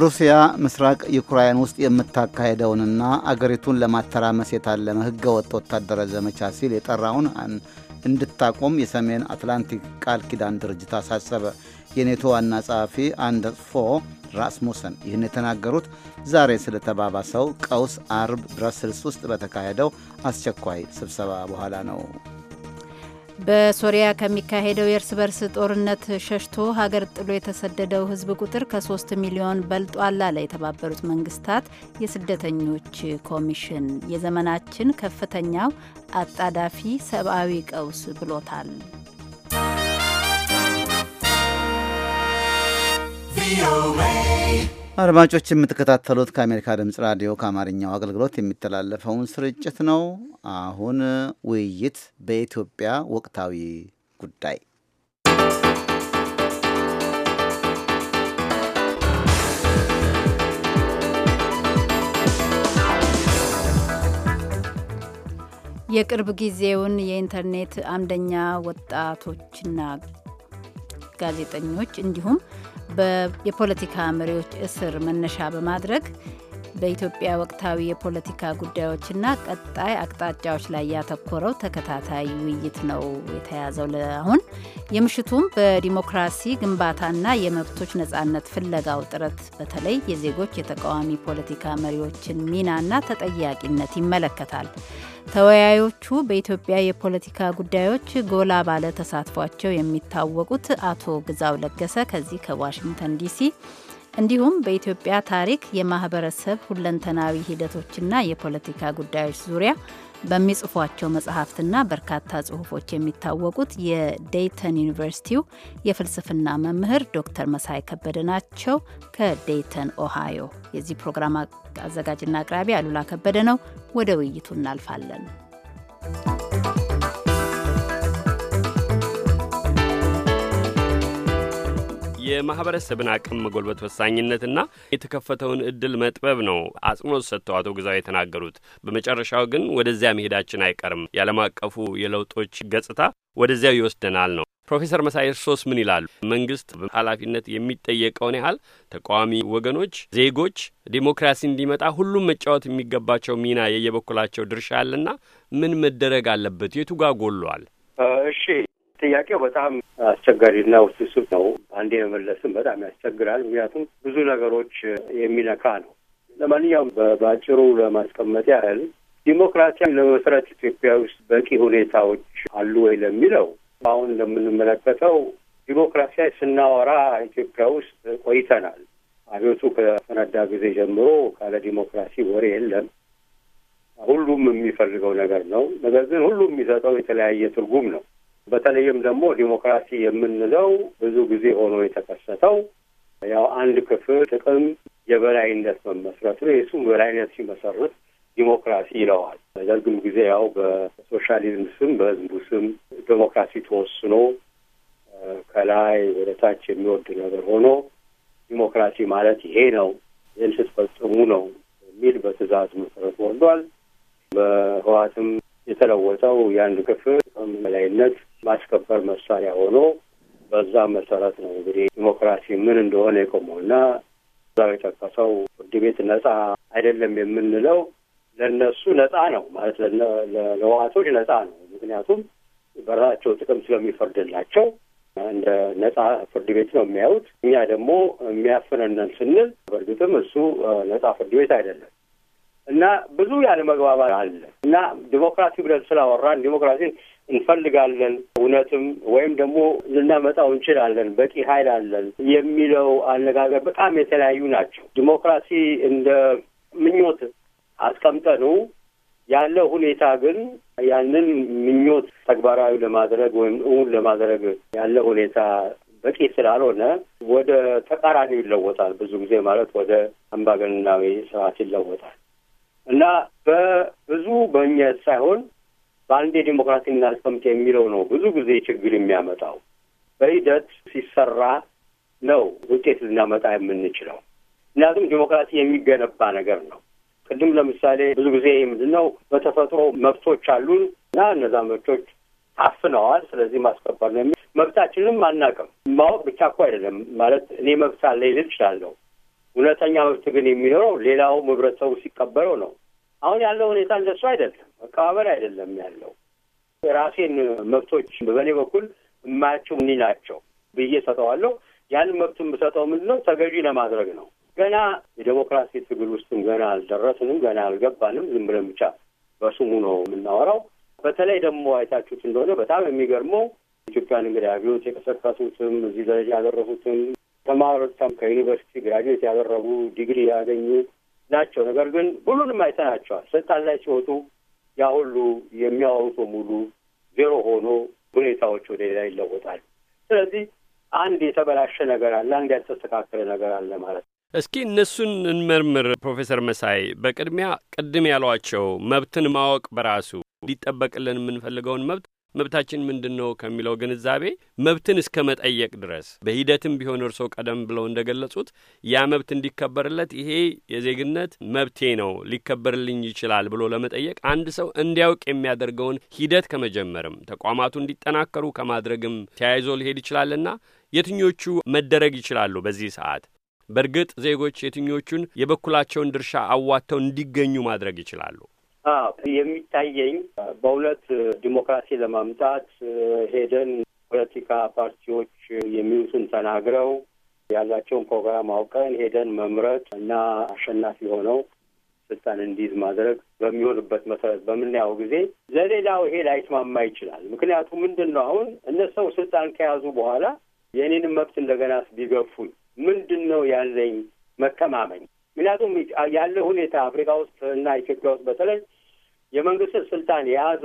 ሩሲያ ምስራቅ ዩክራይን ውስጥ የምታካሄደውንና አገሪቱን ለማተራመስ የታለመ ወጥ ወታደራዊ ዘመቻ ሲል የጠራውን እንድታቆም የሰሜን አትላንቲክ ቃል ኪዳን ድርጅት አሳሰበ። የኔቶ ዋና ጸሐፊ አንደርስ ፎ ራስሙሰን ይህን የተናገሩት ዛሬ ስለተባባሰው ቀውስ አርብ ብረስልስ ውስጥ በተካሄደው አስቸኳይ ስብሰባ በኋላ ነው። በሶሪያ ከሚካሄደው የእርስ በርስ ጦርነት ሸሽቶ ሀገር ጥሎ የተሰደደው ሕዝብ ቁጥር ከሶስት ሚሊዮን በልጧል አለ የተባበሩት መንግስታት የስደተኞች ኮሚሽን የዘመናችን ከፍተኛው አጣዳፊ ሰብአዊ ቀውስ ብሎታል። ቪኦኤ አድማጮች የምትከታተሉት ከአሜሪካ ድምፅ ራዲዮ ከአማርኛው አገልግሎት የሚተላለፈውን ስርጭት ነው። አሁን ውይይት በኢትዮጵያ ወቅታዊ ጉዳይ የቅርብ ጊዜውን የኢንተርኔት አምደኛ ወጣቶችና ጋዜጠኞች እንዲሁም የፖለቲካ መሪዎች እስር መነሻ በማድረግ በኢትዮጵያ ወቅታዊ የፖለቲካ ጉዳዮችና ቀጣይ አቅጣጫዎች ላይ ያተኮረው ተከታታይ ውይይት ነው የተያዘው። ለአሁን። የምሽቱም በዲሞክራሲ ግንባታና የመብቶች ነጻነት ፍለጋው ጥረት በተለይ የዜጎች የተቃዋሚ ፖለቲካ መሪዎችን ሚናና ተጠያቂነት ይመለከታል። ተወያዮቹ በኢትዮጵያ የፖለቲካ ጉዳዮች ጎላ ባለ ተሳትፏቸው የሚታወቁት አቶ ግዛው ለገሰ ከዚህ ከዋሽንግተን ዲሲ እንዲሁም በኢትዮጵያ ታሪክ የማህበረሰብ ሁለንተናዊ ሂደቶችና የፖለቲካ ጉዳዮች ዙሪያ በሚጽፏቸው መጽሐፍትና በርካታ ጽሁፎች የሚታወቁት የዴይተን ዩኒቨርሲቲው የፍልስፍና መምህር ዶክተር መሳይ ከበደ ናቸው። ከዴይተን ኦሃዮ። የዚህ ፕሮግራም አዘጋጅና አቅራቢ አሉላ ከበደ ነው። ወደ ውይይቱ እናልፋለን። የማህበረሰብን አቅም መጎልበት ወሳኝነትና የተከፈተውን እድል መጥበብ ነው አጽንኦት ሰጥተው አቶ ግዛው የተናገሩት። በመጨረሻው ግን ወደዚያ መሄዳችን አይቀርም፣ የዓለም አቀፉ የለውጦች ገጽታ ወደዚያው ይወስደናል ነው። ፕሮፌሰር መሳይ እርሶስ ምን ይላሉ? መንግስት ኃላፊነት የሚጠየቀውን ያህል ተቃዋሚ ወገኖች፣ ዜጎች ዴሞክራሲ እንዲመጣ ሁሉም መጫወት የሚገባቸው ሚና የየበኩላቸው ድርሻ አለና ምን መደረግ አለበት? የቱ ጋ ጎሏል? እሺ ጥያቄው በጣም አስቸጋሪና ውስብስብ ነው። አንዴ የመመለስም በጣም ያስቸግራል። ምክንያቱም ብዙ ነገሮች የሚነካ ነው። ለማንኛውም በአጭሩ ለማስቀመጥ ያህል ዲሞክራሲያ ለመሰረት ኢትዮጵያ ውስጥ በቂ ሁኔታዎች አሉ ወይ ለሚለው አሁን እንደምንመለከተው ዲሞክራሲያ ስናወራ ኢትዮጵያ ውስጥ ቆይተናል። አብዮቱ ከፈነዳ ጊዜ ጀምሮ ካለ ዲሞክራሲ ወሬ የለም። ሁሉም የሚፈልገው ነገር ነው። ነገር ግን ሁሉም የሚሰጠው የተለያየ ትርጉም ነው። በተለይም ደግሞ ዲሞክራሲ የምንለው ብዙ ጊዜ ሆኖ የተከሰተው ያው አንድ ክፍል ጥቅም የበላይነት መመስረቱ የሱም በላይነት ሲመሰርት ዲሞክራሲ ይለዋል። ነገር ግን ጊዜ ያው በሶሻሊዝም ስም በህዝቡ ስም ዲሞክራሲ ተወስኖ ከላይ ወደ ታች የሚወድ ነገር ሆኖ ዲሞክራሲ ማለት ይሄ ነው፣ ይህን ስትፈጽሙ ነው የሚል በትዕዛዝ መሰረት ወርዷል። በህዋትም የተለወጠው የአንድ ክፍል በላይነት ማስከበር መሳሪያ ሆኖ በዛ መሰረት ነው እንግዲህ ዲሞክራሲ ምን እንደሆነ የቆመው እና እዛው የጠቀሰው ፍርድ ቤት ነጻ አይደለም የምንለው ለነሱ ነጻ ነው ማለት ለህዋቶች ነጻ ነው። ምክንያቱም በራሳቸው ጥቅም ስለሚፈርድላቸው እንደ ነጻ ፍርድ ቤት ነው የሚያዩት። እኛ ደግሞ የሚያፍነነን ስንል በእርግጥም እሱ ነጻ ፍርድ ቤት አይደለም። እና ብዙ ያለ መግባባት አለ እና ዲሞክራሲ ብለን ስላወራን ዲሞክራሲን እንፈልጋለን እውነትም ወይም ደግሞ ልናመጣው እንችላለን በቂ ኃይል አለን የሚለው አነጋገር በጣም የተለያዩ ናቸው። ዲሞክራሲ እንደ ምኞት አስቀምጠኑ ያለ ሁኔታ ግን ያንን ምኞት ተግባራዊ ለማድረግ ወይም እውን ለማድረግ ያለ ሁኔታ በቂ ስላልሆነ ወደ ተቃራኒው ይለወጣል። ብዙ ጊዜ ማለት ወደ አምባገነናዊ ስርዓት ይለወጣል። እና በብዙ በመኘት ሳይሆን በአንድ ዲሞክራሲ እናስቀምጥ የሚለው ነው ብዙ ጊዜ ችግር የሚያመጣው። በሂደት ሲሰራ ነው ውጤት ልናመጣ የምንችለው። ምክንያቱም ዲሞክራሲ የሚገነባ ነገር ነው። ቅድም ለምሳሌ ብዙ ጊዜ ምንድን ነው በተፈጥሮ መብቶች አሉን እና እነዛ መብቶች ታፍነዋል፣ ስለዚህ ማስከበር ነው የሚል መብታችንም አናውቅም። ማወቅ ብቻ እኮ አይደለም ማለት እኔ መብት አለኝ ልል እችላለሁ እውነተኛ መብት ግን የሚኖረው ሌላው ህብረተሰቡ ሲቀበለው ነው። አሁን ያለው ሁኔታ እንደሱ አይደለም፣ መቀባበል አይደለም ያለው። የራሴን መብቶች በኔ በኩል የማያቸው እኒ ናቸው ብዬ ሰጠዋለሁ። ያንን መብቱን የምሰጠው ምንድን ነው? ተገዢ ለማድረግ ነው። ገና የዴሞክራሲ ትግል ውስጥም ገና አልደረስንም፣ ገና አልገባንም። ዝም ብለን ብቻ በስሙ ነው የምናወራው። በተለይ ደግሞ አይታችሁት እንደሆነ በጣም የሚገርመው ኢትዮጵያን እንግዲህ አብዮት የቀሰቀሱትም እዚህ ደረጃ ያደረሱትም ተማሪዎቿም ከዩኒቨርሲቲ ግራጁዌት ያደረጉ ዲግሪ ያገኙ ናቸው። ነገር ግን ሁሉንም አይተናቸዋል። ስልጣን ላይ ሲወጡ ያ ሁሉ የሚያወሩት ሙሉ ዜሮ ሆኖ ሁኔታዎች ወደ ሌላ ይለወጣል። ስለዚህ አንድ የተበላሸ ነገር አለ፣ አንድ ያልተስተካከለ ነገር አለ ማለት ነው። እስኪ እነሱን እንመርምር። ፕሮፌሰር መሳይ በቅድሚያ ቅድም ያሏቸው መብትን ማወቅ በራሱ ሊጠበቅልን የምንፈልገውን መብት መብታችን ምንድን ነው ከሚለው ግንዛቤ መብትን እስከ መጠየቅ ድረስ በሂደትም ቢሆን እርስዎ ቀደም ብለው እንደ ገለጹት ያ መብት እንዲከበርለት ይሄ የዜግነት መብቴ ነው ሊከበርልኝ ይችላል ብሎ ለመጠየቅ አንድ ሰው እንዲያውቅ የሚያደርገውን ሂደት ከመጀመርም ተቋማቱ እንዲጠናከሩ ከማድረግም ተያይዞ ሊሄድ ይችላልና የትኞቹ መደረግ ይችላሉ በዚህ ሰዓት? በእርግጥ ዜጎች የትኞቹን የበኩላቸውን ድርሻ አዋጥተው እንዲገኙ ማድረግ ይችላሉ? የሚታየኝ በእውነት ዲሞክራሲ ለማምጣት ሄደን ፖለቲካ ፓርቲዎች የሚሉትን ተናግረው ያላቸውን ፕሮግራም አውቀን ሄደን መምረጥ እና አሸናፊ ሆነው ስልጣን እንዲይዝ ማድረግ በሚሆንበት መሰረት በምናየው ጊዜ ለሌላው ይሄ ላይስማማ ይችላል። ምክንያቱም ምንድን ነው አሁን እነሰው ስልጣን ከያዙ በኋላ የእኔንም መብት እንደገና ቢገፉኝ ምንድን ነው ያለኝ መተማመኝ? ምክንያቱም ያለ ሁኔታ አፍሪካ ውስጥ እና ኢትዮጵያ ውስጥ በተለይ የመንግስትን ስልጣን የያዘ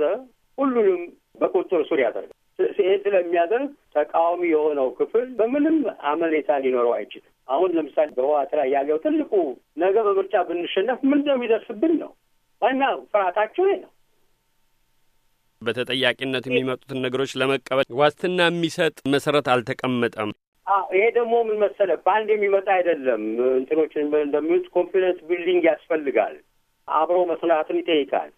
ሁሉንም በቁጥጥር ስር ያደርጋል። ይህን ስለሚያደርግ ተቃዋሚ የሆነው ክፍል በምንም አመኔታ ሊኖረው አይችልም። አሁን ለምሳሌ በህወሓት ላይ ያለው ትልቁ ነገ በምርጫ ብንሸነፍ ምን የሚደርስብን ነው ዋና ፍርሃታቸው ነው። በተጠያቂነት የሚመጡትን ነገሮች ለመቀበል ዋስትና የሚሰጥ መሰረት አልተቀመጠም። ይሄ ደግሞ ምን መሰለ፣ በአንድ የሚመጣ አይደለም። እንትኖችን እንደሚሉት ኮንፊደንስ ቢልዲንግ ያስፈልጋል። አብሮ መስራትን ይጠይቃል።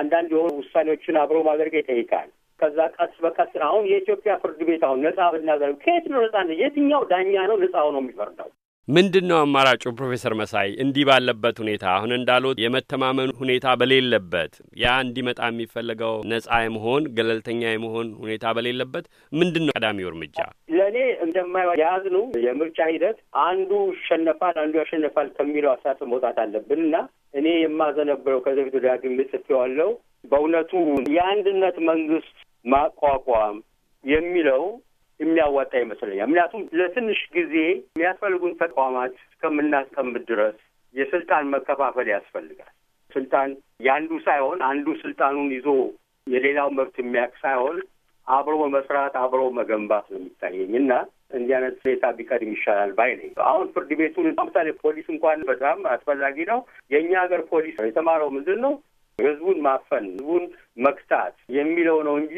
አንዳንድ የሆኑ ውሳኔዎችን አብሮ ማድረግ ይጠይቃል። ከዛ ቀስ በቀስ አሁን የኢትዮጵያ ፍርድ ቤት አሁን ነጻ ብናደርግ ከየት ነው ነጻ? የትኛው ዳኛ ነው ነጻ ሆኖ የሚፈርደው? ምንድን ነው አማራጩ? ፕሮፌሰር መሳይ እንዲህ ባለበት ሁኔታ አሁን እንዳሉት የመተማመኑ ሁኔታ በሌለበት ያ እንዲመጣ የሚፈለገው ነጻ የመሆን ገለልተኛ የመሆን ሁኔታ በሌለበት ምንድን ነው ቀዳሚው እርምጃ? ለእኔ እንደማየው የያዝኑ የምርጫ ሂደት አንዱ ይሸነፋል፣ አንዱ ያሸነፋል ከሚለው አሳት መውጣት አለብን እና እኔ የማዘነብረው ከዚህ በፊት ደጋግሜ ጽፌዋለሁ። በእውነቱ የአንድነት መንግስት ማቋቋም የሚለው የሚያዋጣ ይመስለኛል። ምክንያቱም ለትንሽ ጊዜ የሚያስፈልጉን ተቋማት እስከምናስቀምጥ ድረስ የስልጣን መከፋፈል ያስፈልጋል። ስልጣን የአንዱ ሳይሆን አንዱ ስልጣኑን ይዞ የሌላው መብት የሚያቅ ሳይሆን አብሮ መስራት አብሮ መገንባት ነው የሚታየኝ እና እንዲህ አይነት ሁኔታ ቢቀድም ይሻላል ባይ ነኝ። አሁን ፍርድ ቤቱን ለምሳሌ ፖሊስ እንኳን በጣም አስፈላጊ ነው። የእኛ ሀገር ፖሊስ የተማረው ምንድን ነው? ህዝቡን ማፈን፣ ህዝቡን መክታት የሚለው ነው እንጂ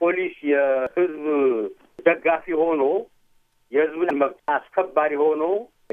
ፖሊስ የህዝብ ደጋፊ ሆኖ የህዝብን መብት አስከባሪ ሆኖ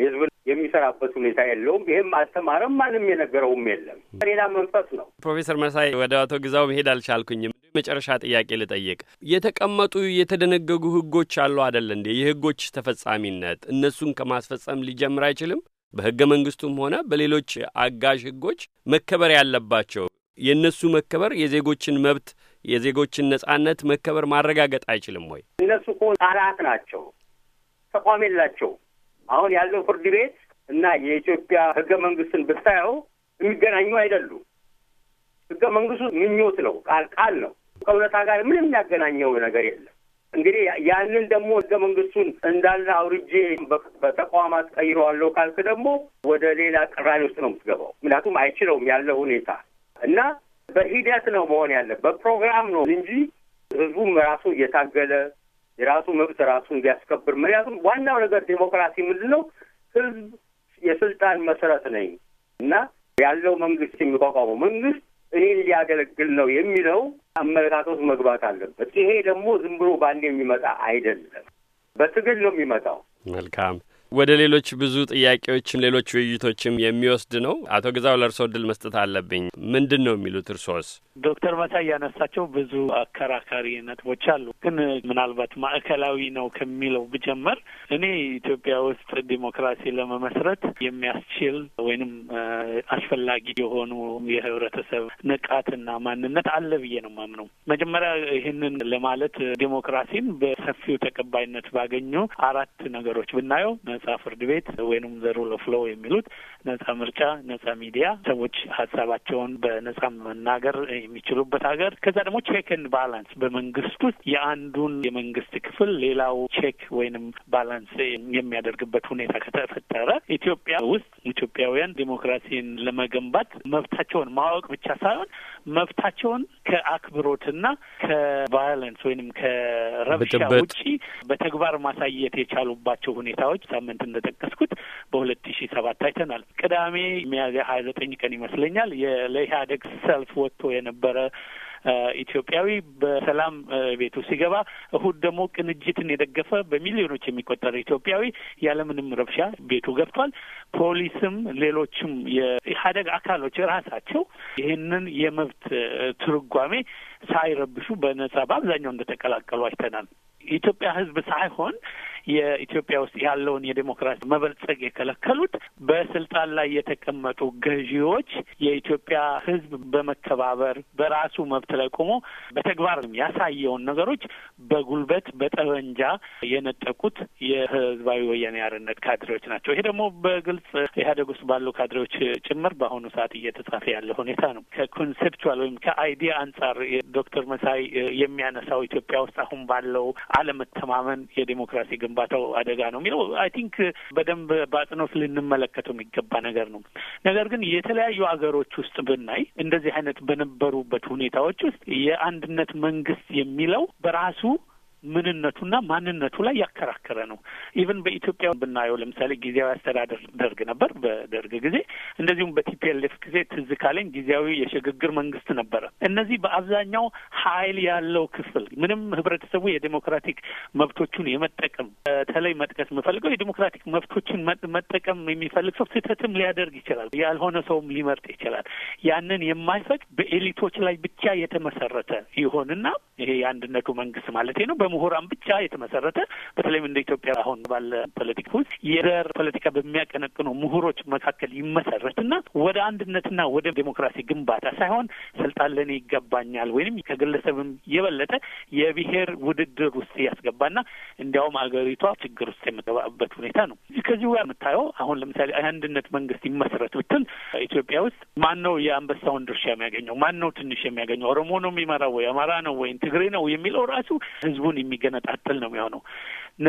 የህዝብን የሚሰራበት ሁኔታ የለውም። ይሄም አልተማረም፣ ማንም የነገረውም የለም። ሌላ መንፈስ ነው። ፕሮፌሰር መሳይ ወደ አቶ ግዛው መሄድ አልቻልኩኝም። መጨረሻ ጥያቄ ልጠይቅ። የተቀመጡ የተደነገጉ ህጎች አሉ አደለ እንዴ? የህጎች ተፈጻሚነት እነሱን ከማስፈጸም ሊጀምር አይችልም? በህገ መንግስቱም ሆነ በሌሎች አጋዥ ህጎች መከበር ያለባቸው የእነሱ መከበር የዜጎችን መብት የዜጎችን ነጻነት መከበር ማረጋገጥ አይችልም ወይ? እነሱ እኮ ታላቅ ናቸው፣ ተቋም የላቸው። አሁን ያለው ፍርድ ቤት እና የኢትዮጵያ ህገ መንግስትን ብታየው የሚገናኙ አይደሉም። ህገ መንግስቱ ምኞት ነው፣ ቃል ቃል ነው። ከእውነታ ጋር ምንም የሚያገናኘው ነገር የለም። እንግዲህ ያንን ደግሞ ህገ መንግስቱን እንዳለ አውርጄ በተቋማት ቀይረዋለሁ ካልክ ደግሞ ወደ ሌላ ቅራኔ ውስጥ ነው የምትገባው። ምክንያቱም አይችለውም ያለ ሁኔታ እና በሂደት ነው መሆን ያለ በፕሮግራም ነው እንጂ ህዝቡም ራሱ እየታገለ የራሱ መብት ራሱ እንዲያስከብር። ምክንያቱም ዋናው ነገር ዴሞክራሲ ምንድን ነው? ህዝብ የስልጣን መሰረት ነኝ እና ያለው መንግስት የሚቋቋመው መንግስት እኔን ሊያገለግል ነው የሚለው አመለካከቱ መግባት አለበት። ይሄ ደግሞ ዝም ብሎ ባንድ የሚመጣ አይደለም፣ በትግል ነው የሚመጣው። መልካም ወደ ሌሎች ብዙ ጥያቄዎችም ሌሎች ውይይቶችም የሚወስድ ነው። አቶ ግዛው ለእርሶ እድል መስጠት አለብኝ። ምንድን ነው የሚሉት እርሶስ? ዶክተር መሳይ ያነሳቸው ብዙ አከራካሪ ነጥቦች አሉ። ግን ምናልባት ማዕከላዊ ነው ከሚለው ብጀምር እኔ ኢትዮጵያ ውስጥ ዲሞክራሲ ለመመስረት የሚያስችል ወይንም አስፈላጊ የሆኑ የህብረተሰብ ንቃትና ማንነት አለ ብዬ ነው ማምነው። መጀመሪያ ይህንን ለማለት ዲሞክራሲን በሰፊው ተቀባይነት ባገኙ አራት ነገሮች ብናየው ነጻ ፍርድ ቤት ወይንም ዘ ሩል ኦፍ ሎው የሚሉት ነጻ ምርጫ፣ ነጻ ሚዲያ፣ ሰዎች ሀሳባቸውን በነጻ መናገር የሚችሉበት ሀገር። ከዛ ደግሞ ቼክ ኤንድ ባላንስ በመንግስት ውስጥ የአንዱን የመንግስት ክፍል ሌላው ቼክ ወይንም ባላንስ የሚያደርግበት ሁኔታ ከተፈጠረ ኢትዮጵያ ውስጥ ኢትዮጵያውያን ዲሞክራሲን ለመገንባት መብታቸውን ማወቅ ብቻ ሳይሆን መብታቸውን ከአክብሮትና ከቫዮለንስ ወይንም ከረብሻ ውጪ በተግባር ማሳየት የቻሉባቸው ሁኔታዎች ሳምንት እንደጠቀስኩት በሁለት ሺ ሰባት አይተናል። ቅዳሜ ሚያዝያ ሀያ ዘጠኝ ቀን ይመስለኛል ለኢህአዴግ ሰልፍ ወጥቶ የነበረ ኢትዮጵያዊ በሰላም ቤቱ ሲገባ እሁድ ደግሞ ቅንጅትን የደገፈ በሚሊዮኖች የሚቆጠር ኢትዮጵያዊ ያለምንም ረብሻ ቤቱ ገብቷል። ፖሊስም ሌሎችም የኢህአደግ አካሎች ራሳቸው ይህንን የመብት ትርጓሜ ሳይረብሹ በነጻ በአብዛኛው እንደተቀላቀሉ አይተናል። የኢትዮጵያ ሕዝብ ሳይሆን የኢትዮጵያ ውስጥ ያለውን የዴሞክራሲ መበልጸግ የከለከሉት በስልጣን ላይ የተቀመጡ ገዢዎች የኢትዮጵያ ሕዝብ በመከባበር በራሱ መብት ላይ ቆሞ በተግባር ያሳየውን ነገሮች በጉልበት በጠበንጃ የነጠቁት የህዝባዊ ወያኔ አርነት ካድሬዎች ናቸው። ይሄ ደግሞ በግልጽ ኢህአዴግ ውስጥ ባሉ ካድሬዎች ጭምር በአሁኑ ሰዓት እየተጻፈ ያለ ሁኔታ ነው። ከኮንሴፕቹዋል ወይም ከአይዲያ አንጻር ዶክተር መሳይ የሚያነሳው ኢትዮጵያ ውስጥ አሁን ባለው አለመተማመን የዴሞክራሲ ግንባታው አደጋ ነው የሚለው አይ ቲንክ በደንብ በአጽንኦት ልንመለከተው የሚገባ ነገር ነው። ነገር ግን የተለያዩ አገሮች ውስጥ ብናይ እንደዚህ አይነት በነበሩበት ሁኔታዎች ውስጥ የአንድነት መንግስት የሚለው በራሱ ምንነቱና ማንነቱ ላይ ያከራከረ ነው። ኢቨን በኢትዮጵያ ብናየው ለምሳሌ ጊዜያዊ አስተዳደር ደርግ ነበር በደርግ ጊዜ፣ እንደዚሁም በቲፒኤልኤፍ ጊዜ ትዝ ካለኝ ጊዜያዊ የሽግግር መንግስት ነበረ። እነዚህ በአብዛኛው ኃይል ያለው ክፍል ምንም ህብረተሰቡ የዴሞክራቲክ መብቶቹን የመጠቀም በተለይ መጥቀስ የምፈልገው የዴሞክራቲክ መብቶችን መጠቀም የሚፈልግ ሰው ስህተትም ሊያደርግ ይችላል፣ ያልሆነ ሰውም ሊመርጥ ይችላል። ያንን የማይፈቅድ በኤሊቶች ላይ ብቻ የተመሰረተ ይሆንና ይሄ የአንድነቱ መንግስት ማለት ነው በምሁራን ብቻ የተመሰረተ በተለይም እንደ ኢትዮጵያ አሁን ባለ ፖለቲካ ውስጥ የዘር ፖለቲካ በሚያቀነቅኑ ምሁሮች መካከል ይመሰረትና ወደ አንድነትና ወደ ዴሞክራሲ ግንባታ ሳይሆን ስልጣን ለእኔ ይገባኛል ወይም ከግለሰብም የበለጠ የብሄር ውድድር ውስጥ ያስገባና እንዲያውም አገሪቷ ችግር ውስጥ የምገባበት ሁኔታ ነው። ከዚሁ ጋር የምታየው አሁን ለምሳሌ አንድነት መንግስት ይመሰረት ብትል ኢትዮጵያ ውስጥ ማን ነው የአንበሳውን ድርሻ የሚያገኘው? ማን ነው ትንሽ የሚያገኘው? ኦሮሞ ነው የሚመራው ወይ አማራ ነው ወይም ትግሬ ነው የሚለው ራሱ ህዝቡን ሁሉን የሚገነጣጥል ነው የሚሆነው።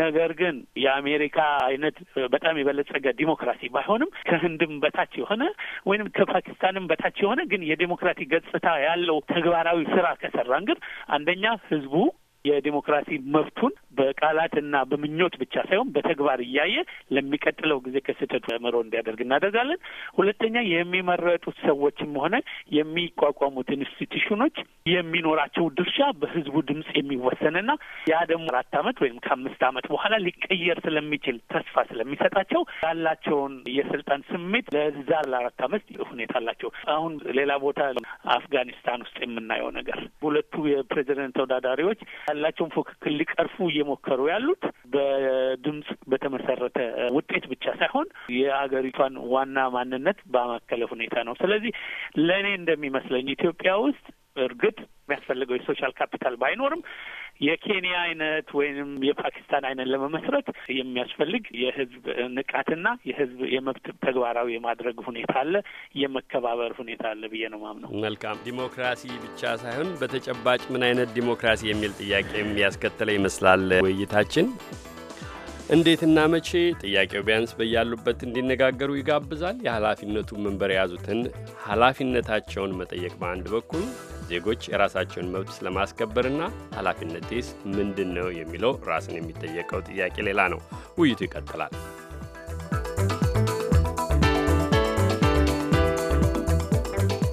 ነገር ግን የአሜሪካ አይነት በጣም የበለጸገ ዲሞክራሲ ባይሆንም ከህንድም በታች የሆነ ወይም ከፓኪስታንም በታች የሆነ ግን የዲሞክራሲ ገጽታ ያለው ተግባራዊ ስራ ከሰራን ግን አንደኛ ህዝቡ የዲሞክራሲ መብቱን በቃላትና በምኞት ብቻ ሳይሆን በተግባር እያየ ለሚቀጥለው ጊዜ ከስህተቱ ተምሮ እንዲያደርግ እናደርጋለን። ሁለተኛ የሚመረጡት ሰዎችም ሆነ የሚቋቋሙት ኢንስቲትዩሽኖች የሚኖራቸው ድርሻ በህዝቡ ድምጽ የሚወሰንና ያ ደግሞ አራት አመት ወይም ከአምስት አመት በኋላ ሊቀየር ስለሚችል ተስፋ ስለሚሰጣቸው ያላቸውን የስልጣን ስሜት ለዛ ለአራት አመት ሁኔታ አላቸው። አሁን ሌላ ቦታ አፍጋኒስታን ውስጥ የምናየው ነገር ሁለቱ የፕሬዚደንት ተወዳዳሪዎች ያላቸውን ፉክክል ሊቀርፉ እየሞከሩ ያሉት በድምፅ በተመሰረተ ውጤት ብቻ ሳይሆን የአገሪቷን ዋና ማንነት ባማከለ ሁኔታ ነው። ስለዚህ ለእኔ እንደሚመስለኝ ኢትዮጵያ ውስጥ እርግጥ የሚያስፈልገው የሶሻል ካፒታል ባይኖርም የኬንያ አይነት ወይም የፓኪስታን አይነት ለመመስረት የሚያስፈልግ የህዝብ ንቃትና የህዝብ የመብት ተግባራዊ የማድረግ ሁኔታ አለ፣ የመከባበር ሁኔታ አለ ብዬ ነው ማምነው። መልካም ዲሞክራሲ ብቻ ሳይሆን በተጨባጭ ምን አይነት ዲሞክራሲ የሚል ጥያቄ የሚያስከትለ ይመስላል ውይይታችን። እንዴትና መቼ ጥያቄው ቢያንስ በያሉበት እንዲነጋገሩ ይጋብዛል። የኃላፊነቱ መንበር የያዙትን ኃላፊነታቸውን መጠየቅ በአንድ በኩል ዜጎች የራሳቸውን መብት ስለማስከበርና ኃላፊነቴስ ምንድን ነው የሚለው ራስን የሚጠየቀው ጥያቄ ሌላ ነው። ውይይቱ ይቀጥላል።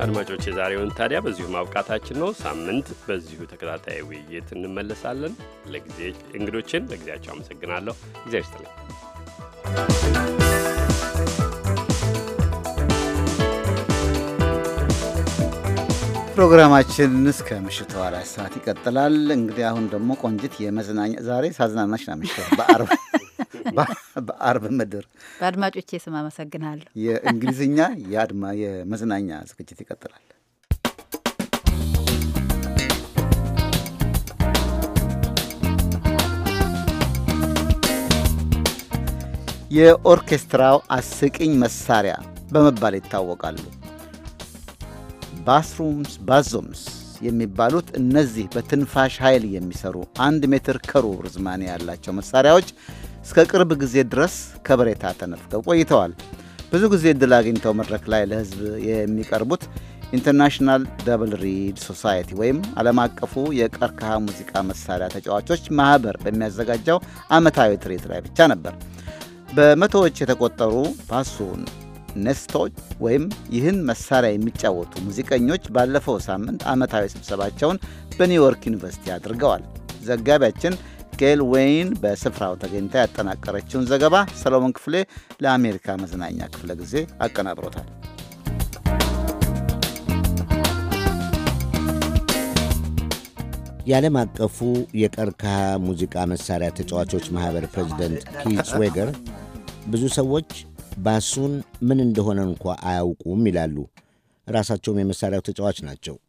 አድማጮች፣ የዛሬውን ታዲያ በዚሁ ማብቃታችን ነው። ሳምንት በዚሁ ተከታታይ ውይይት እንመለሳለን። ለጊዜ እንግዶችን ለጊዜያቸው አመሰግናለሁ። እግዚአብሔር ይስጥልኝ። ፕሮግራማችን እስከ ምሽቱ አራት ሰዓት ይቀጥላል። እንግዲህ አሁን ደግሞ ቆንጅት የመዝናኛ ዛሬ ሳዝናናሽ ነው ምሽት [LAUGHS] በአርብ ምድር በአድማጮቼ ስም አመሰግናለሁ። የእንግሊዝኛ የአድማ የመዝናኛ ዝግጅት ይቀጥላል። የኦርኬስትራው አስቂኝ መሳሪያ በመባል ይታወቃሉ። ባስሩምስ ባዞምስ የሚባሉት እነዚህ በትንፋሽ ኃይል የሚሰሩ አንድ ሜትር ከሩብ ርዝማኔ ያላቸው መሳሪያዎች እስከ ቅርብ ጊዜ ድረስ ከበሬታ ተነፍገው ቆይተዋል። ብዙ ጊዜ እድል አግኝተው መድረክ ላይ ለሕዝብ የሚቀርቡት ኢንተርናሽናል ደብል ሪድ ሶሳይቲ ወይም ዓለም አቀፉ የቀርከሃ ሙዚቃ መሳሪያ ተጫዋቾች ማኅበር በሚያዘጋጀው ዓመታዊ ትርኢት ላይ ብቻ ነበር። በመቶዎች የተቆጠሩ ባሱን ኔስቶች ወይም ይህን መሳሪያ የሚጫወቱ ሙዚቀኞች ባለፈው ሳምንት ዓመታዊ ስብሰባቸውን በኒውዮርክ ዩኒቨርሲቲ አድርገዋል። ዘጋቢያችን ጌል ዌይን በስፍራው ተገኝታ ያጠናቀረችውን ዘገባ ሰሎሞን ክፍሌ ለአሜሪካ መዝናኛ ክፍለ ጊዜ አቀናብሮታል። የዓለም አቀፉ የቀርከሃ ሙዚቃ መሣሪያ ተጫዋቾች ማኅበር ፕሬዚደንት ኪት ስዌገር ብዙ ሰዎች ባሱን ምን እንደሆነ እንኳ አያውቁም ይላሉ። ራሳቸውም የመሳሪያው ተጫዋች ናቸው። [LAUGHS]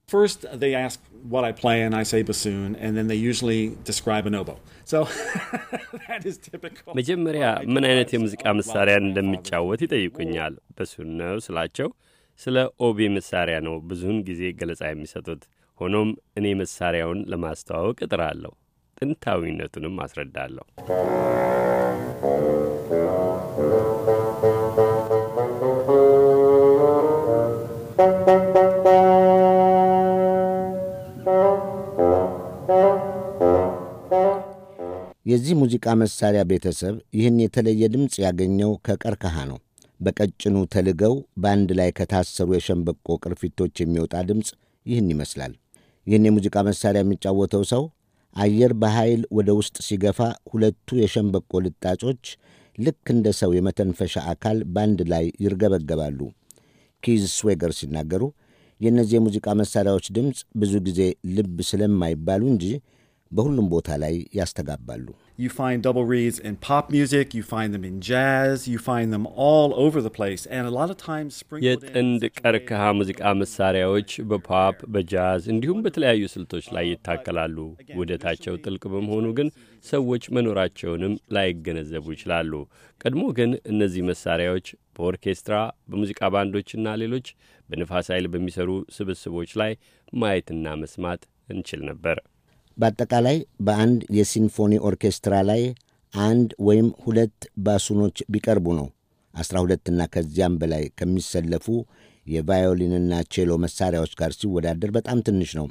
መጀመሪያ ምን አይነት የሙዚቃ መሳሪያ እንደሚጫወት ይጠይቁኛል። በሱን ነው ስላቸው፣ ስለ ኦቤ መሳሪያ ነው ብዙውን ጊዜ ገለጻ የሚሰጡት። ሆኖም እኔ መሳሪያውን ለማስተዋወቅ እጥራለሁ፣ ጥንታዊነቱንም አስረዳለሁ። የዚህ ሙዚቃ መሣሪያ ቤተሰብ ይህን የተለየ ድምፅ ያገኘው ከቀርከሃ ነው። በቀጭኑ ተልገው በአንድ ላይ ከታሰሩ የሸንበቆ ቅርፊቶች የሚወጣ ድምፅ ይህን ይመስላል። ይህን የሙዚቃ መሣሪያ የሚጫወተው ሰው አየር በኃይል ወደ ውስጥ ሲገፋ ሁለቱ የሸንበቆ ልጣጮች ልክ እንደ ሰው የመተንፈሻ አካል በአንድ ላይ ይርገበገባሉ። ኪዝ ስዌገር ሲናገሩ የእነዚህ የሙዚቃ መሣሪያዎች ድምፅ ብዙ ጊዜ ልብ ስለማይባሉ እንጂ በሁሉም ቦታ ላይ ያስተጋባሉ። የጥንድ ቀርከሃ ሙዚቃ መሳሪያዎች በፖፕ በጃዝ እንዲሁም በተለያዩ ስልቶች ላይ ይታከላሉ። ውህደታቸው ጥልቅ በመሆኑ ግን ሰዎች መኖራቸውንም ላይገነዘቡ ይችላሉ። ቀድሞ ግን እነዚህ መሳሪያዎች በኦርኬስትራ በሙዚቃ ባንዶችና ሌሎች በንፋስ ኃይል በሚሰሩ ስብስቦች ላይ ማየትና መስማት እንችል ነበር። በአጠቃላይ በአንድ የሲንፎኒ ኦርኬስትራ ላይ አንድ ወይም ሁለት ባሱኖች ቢቀርቡ ነው 12 ሁለትና ከዚያም በላይ ከሚሰለፉ የቫዮሊንና ቼሎ መሳሪያዎች ጋር ሲወዳደር በጣም ትንሽ ነው።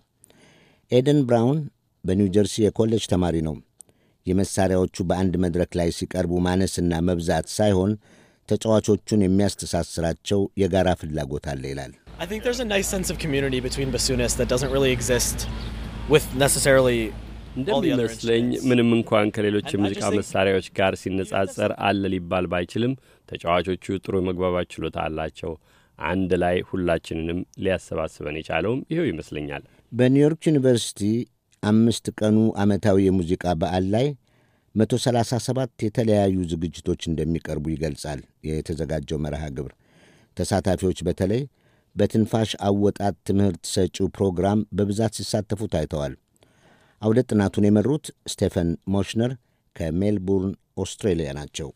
ኤደን ብራውን በኒውጀርሲ የኮሌጅ ተማሪ ነው። የመሳሪያዎቹ በአንድ መድረክ ላይ ሲቀርቡ ማነስና መብዛት ሳይሆን ተጫዋቾቹን የሚያስተሳስራቸው የጋራ ፍላጎት አለ ይላል። እንደሚመስለኝ ምንም እንኳን ከሌሎች የሙዚቃ መሳሪያዎች ጋር ሲነጻጸር አለ ሊባል ባይችልም ተጫዋቾቹ ጥሩ መግባባት ችሎታ አላቸው። አንድ ላይ ሁላችንንም ሊያሰባስበን የቻለውም ይኸው ይመስለኛል። በኒውዮርክ ዩኒቨርሲቲ አምስት ቀኑ ዓመታዊ የሙዚቃ በዓል ላይ 137 የተለያዩ ዝግጅቶች እንደሚቀርቡ ይገልጻል የተዘጋጀው መርሃ ግብር። ተሳታፊዎች በተለይ በትንፋሽ አወጣት ትምህርት ሰጪው ፕሮግራም በብዛት ሲሳተፉ ታይተዋል። አውደ ጥናቱን የመሩት ስቴፈን ሞሽነር ከሜልቡርን ኦስትሬሊያ ናቸው።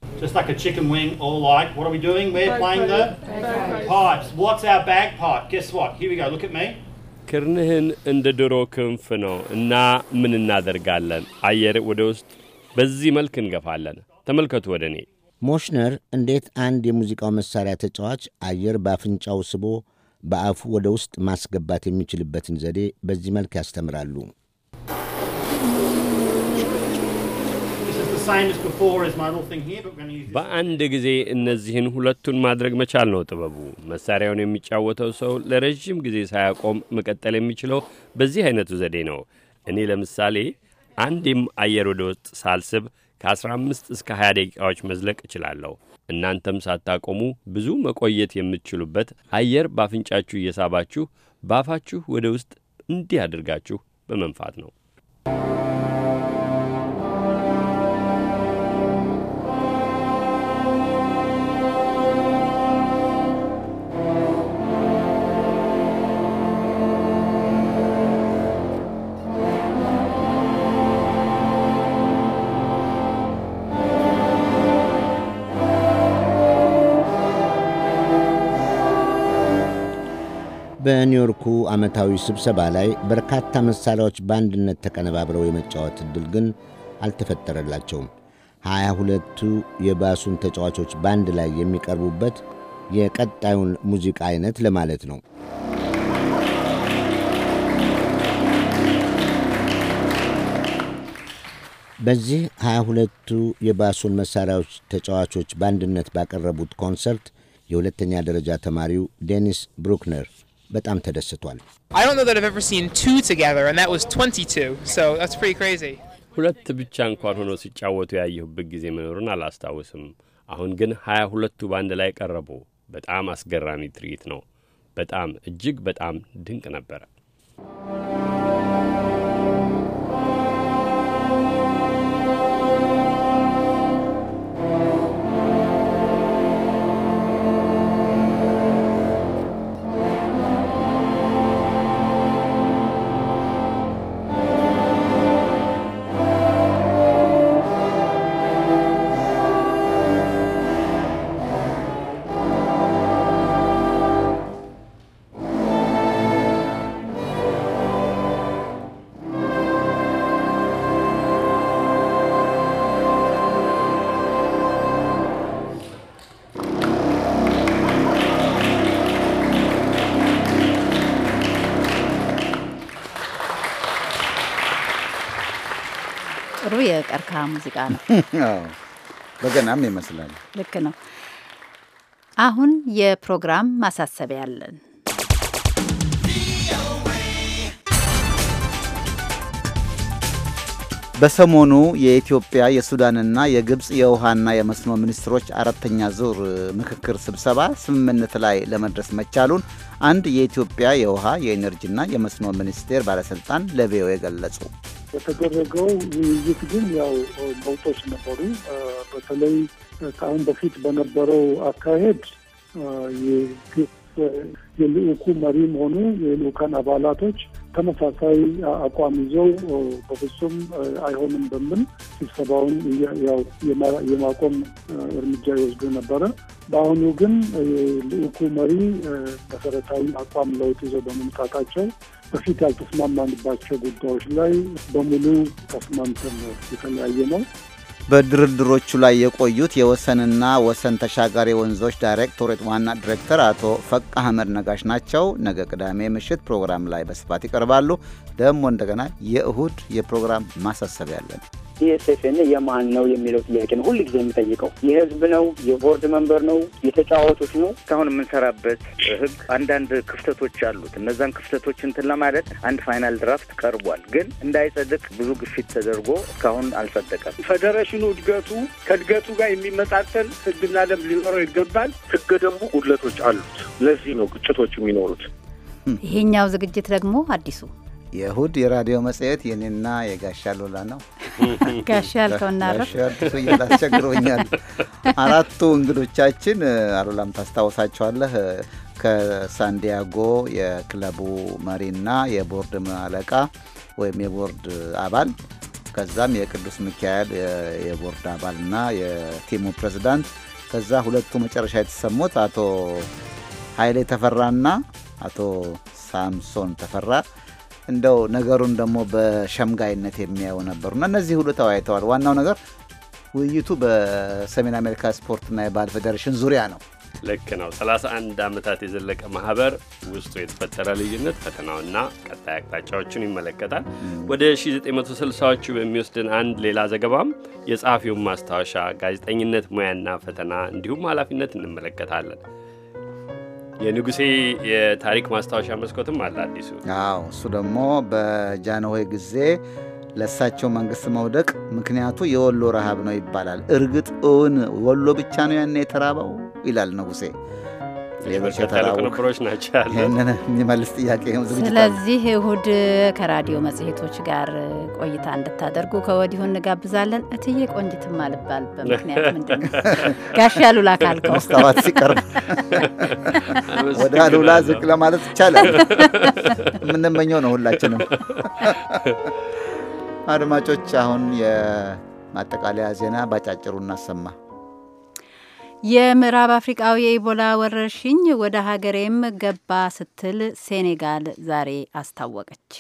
ክርንህን እንደ ዶሮ ክንፍ ነው እና ምን እናደርጋለን? አየር ወደ ውስጥ በዚህ መልክ እንገፋለን። ተመልከቱ ወደ እኔ። ሞሽነር እንዴት አንድ የሙዚቃው መሣሪያ ተጫዋች አየር በአፍንጫው ስቦ በአፉ ወደ ውስጥ ማስገባት የሚችልበትን ዘዴ በዚህ መልክ ያስተምራሉ። በአንድ ጊዜ እነዚህን ሁለቱን ማድረግ መቻል ነው ጥበቡ። መሳሪያውን የሚጫወተው ሰው ለረዥም ጊዜ ሳያቆም መቀጠል የሚችለው በዚህ አይነቱ ዘዴ ነው። እኔ ለምሳሌ አንዴም አየር ወደ ውስጥ ሳልስብ ከ15 እስከ 20 ደቂቃዎች መዝለቅ እችላለሁ። እናንተም ሳታቆሙ ብዙ መቆየት የምትችሉበት አየር ባፍንጫችሁ እየሳባችሁ ባፋችሁ ወደ ውስጥ እንዲህ አድርጋችሁ በመንፋት ነው። በኒውዮርኩ ዓመታዊ ስብሰባ ላይ በርካታ መሣሪያዎች በአንድነት ተቀነባብረው የመጫወት ዕድል ግን አልተፈጠረላቸውም። ሀያ ሁለቱ የባሱን ተጫዋቾች በአንድ ላይ የሚቀርቡበት የቀጣዩን ሙዚቃ አይነት ለማለት ነው። በዚህ ሀያ ሁለቱ የባሱን መሣሪያዎች ተጫዋቾች በአንድነት ባቀረቡት ኮንሰርት የሁለተኛ ደረጃ ተማሪው ዴኒስ ብሩክነር በጣም ተደስቷል። ሁለት ብቻ እንኳን ሆነው ሲጫወቱ ያየሁበት ጊዜ መኖሩን አላስታውስም። አሁን ግን ሀያ ሁለቱ በአንድ ላይ ቀረቡ። በጣም አስገራሚ ትርኢት ነው። በጣም እጅግ በጣም ድንቅ ነበረ። የእልልታ ሙዚቃ ነው። [LAUGHS] በገናም ይመስላል። ልክ ነው። አሁን የፕሮግራም ማሳሰቢያ አለን። በሰሞኑ የኢትዮጵያ የሱዳንና የግብፅ የውሃና የመስኖ ሚኒስትሮች አራተኛ ዙር ምክክር ስብሰባ ስምምነት ላይ ለመድረስ መቻሉን አንድ የኢትዮጵያ የውሃ የኤነርጂና የመስኖ ሚኒስቴር ባለሥልጣን ለቪኦኤ ገለጹ። የተደረገው ውይይት ግን ያው ለውጦች ነበሩ። በተለይ ከአሁን በፊት በነበረው አካሄድ የልዑኩ መሪም ሆኑ የልዑካን አባላቶች ተመሳሳይ አቋም ይዘው በፍጹም አይሆንም በምል ስብሰባውን የማቆም እርምጃ ይወስዱ ነበረ። በአሁኑ ግን ልዑኩ መሪ መሰረታዊ አቋም ለውጥ ይዘው በመምጣታቸው በፊት ያልተስማማንባቸው ጉዳዮች ላይ በሙሉ ተስማምተን የተለያየ ነው። በድርድሮቹ ላይ የቆዩት የወሰንና ወሰን ተሻጋሪ ወንዞች ዳይሬክቶሬት ዋና ዲሬክተር አቶ ፈቃ አህመድ ነጋሽ ናቸው። ነገ ቅዳሜ ምሽት ፕሮግራም ላይ በስፋት ይቀርባሉ። ደግሞ እንደገና የእሁድ የፕሮግራም ማሳሰቢያ አለን። ኢኤስኤፍኤን የማን ነው የሚለው ጥያቄ ነው ጊዜ የሚጠይቀው። የህዝብ ነው፣ የቦርድ መንበር ነው፣ የተጫዋቾች ነው። እስካሁን የምንሰራበት ህግ አንዳንድ ክፍተቶች አሉት። እነዛን ክፍተቶች እንትን ለማለት አንድ ፋይናል ድራፍት ቀርቧል። ግን እንዳይጸድቅ ብዙ ግፊት ተደርጎ እስካሁን አልጸደቀም። ፌዴሬሽኑ እድገቱ ከእድገቱ ጋር የሚመጣጠን ህግና ደንብ ሊኖረው ይገባል። ህገ ደንቡ ጉድለቶች አሉት። ለዚህ ነው ግጭቶች የሚኖሩት። ይሄኛው ዝግጅት ደግሞ አዲሱ የእሁድ የራዲዮ መጽሔት የኔና የጋሻ ሎላ ነው። [LAUGHS] ጋሻ ያልከው እናረፍ አራቱ እንግዶቻችን አሉላም ታስታውሳቸዋለህ። ከሳንዲያጎ የክለቡ መሪና የቦርድ አለቃ ወይም የቦርድ አባል ከዛም የቅዱስ ሚካኤል የቦርድ አባልና የቲሙ ፕሬዝዳንት ከዛ ሁለቱ መጨረሻ የተሰሙት አቶ ኃይሌ ተፈራና አቶ ሳምሶን ተፈራ እንደው ነገሩን ደግሞ በሸምጋይነት የሚያዩ ነበሩና እነዚህ ሁሉ ተወያይተዋል። ዋናው ነገር ውይይቱ በሰሜን አሜሪካ ስፖርትና የባህል ፌዴሬሽን ዙሪያ ነው። ልክ ነው። 31 ዓመታት የዘለቀ ማህበር ውስጡ የተፈጠረ ልዩነት ፈተናውና ቀጣይ አቅጣጫዎችን ይመለከታል። ወደ 1960ዎቹ በሚወስድን አንድ ሌላ ዘገባም የጸሐፊውን ማስታወሻ፣ ጋዜጠኝነት ሙያና ፈተና እንዲሁም ኃላፊነት እንመለከታለን። የንጉሴ የታሪክ ማስታወሻ መስኮትም አለ አዲሱ። አዎ እሱ ደግሞ በጃንሆይ ጊዜ ለእሳቸው መንግስት መውደቅ ምክንያቱ የወሎ ረሃብ ነው ይባላል። እርግጥ እውን ወሎ ብቻ ነው ያኔ የተራበው ይላል ንጉሴ። የበርከታ ቅንብሮች ናቸው ያሉ ይህንን የሚመልስ ጥያቄ ዝግጅት። ስለዚህ እሁድ ከራዲዮ መጽሔቶች ጋር ቆይታ እንድታደርጉ ከወዲሁ እንጋብዛለን። እትዬ ቆንጅት ማልባል በምክንያት ምንድን [LAUGHS] ጋሽ አሉላ ካልከው ስታባት ሲቀርብ [LAUGHS] ወደ አሉላ ዝቅ ለማለት ይቻላል። የምንመኘው ነው ሁላችንም። [LAUGHS] አድማጮች አሁን የማጠቃለያ ዜና ባጫጭሩ እናሰማ። የምዕራብ አፍሪቃዊ የኢቦላ ወረርሽኝ ወደ ሀገሬም ገባ ስትል ሴኔጋል ዛሬ አስታወቀች።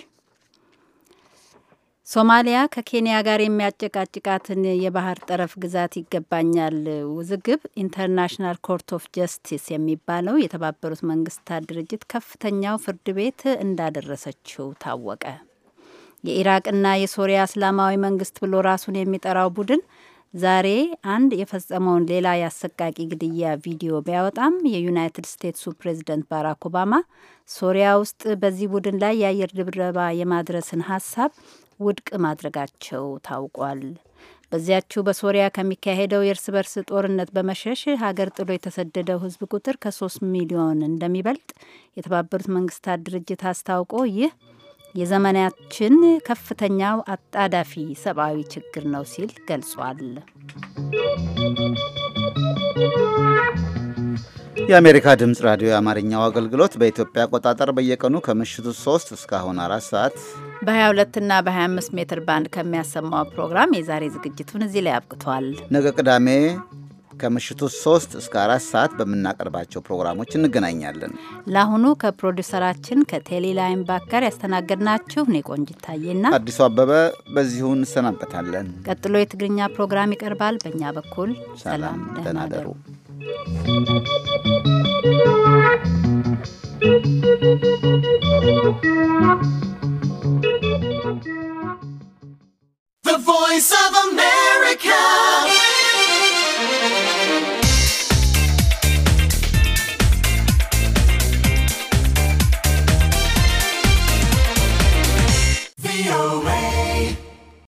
ሶማሊያ ከኬንያ ጋር የሚያጨቃጭቃትን የባህር ጠረፍ ግዛት ይገባኛል ውዝግብ ኢንተርናሽናል ኮርት ኦፍ ጀስቲስ የሚባለው የተባበሩት መንግስታት ድርጅት ከፍተኛው ፍርድ ቤት እንዳደረሰችው ታወቀ። የኢራቅና የሶሪያ እስላማዊ መንግስት ብሎ ራሱን የሚጠራው ቡድን ዛሬ አንድ የፈጸመውን ሌላ የአሰቃቂ ግድያ ቪዲዮ ቢያወጣም የዩናይትድ ስቴትሱ ፕሬዚደንት ባራክ ኦባማ ሶሪያ ውስጥ በዚህ ቡድን ላይ የአየር ድብደባ የማድረስን ሀሳብ ውድቅ ማድረጋቸው ታውቋል። በዚያችው በሶሪያ ከሚካሄደው የእርስ በርስ ጦርነት በመሸሽ ሀገር ጥሎ የተሰደደው ሕዝብ ቁጥር ከሶስት ሚሊዮን እንደሚበልጥ የተባበሩት መንግስታት ድርጅት አስታውቆ ይህ የዘመናችን ከፍተኛው አጣዳፊ ሰብአዊ ችግር ነው ሲል ገልጿል። የአሜሪካ ድምፅ ራዲዮ የአማርኛው አገልግሎት በኢትዮጵያ አቆጣጠር በየቀኑ ከምሽቱ 3 እስካሁን 4 ሰዓት በ22 እና በ25 ሜትር ባንድ ከሚያሰማው ፕሮግራም የዛሬ ዝግጅቱን እዚህ ላይ አብቅቷል። ነገ ቅዳሜ ከምሽቱ 3 እስከ 4 ሰዓት በምናቀርባቸው ፕሮግራሞች እንገናኛለን። ለአሁኑ ከፕሮዲውሰራችን ከቴሌ ላይን ባክ ጋር ያስተናገድናችሁ እኔ ቆንጅ ታዬና አዲሱ አበበ በዚሁ እንሰናበታለን። ቀጥሎ የትግርኛ ፕሮግራም ይቀርባል። በእኛ በኩል ሰላም፣ ደህና The Voice of America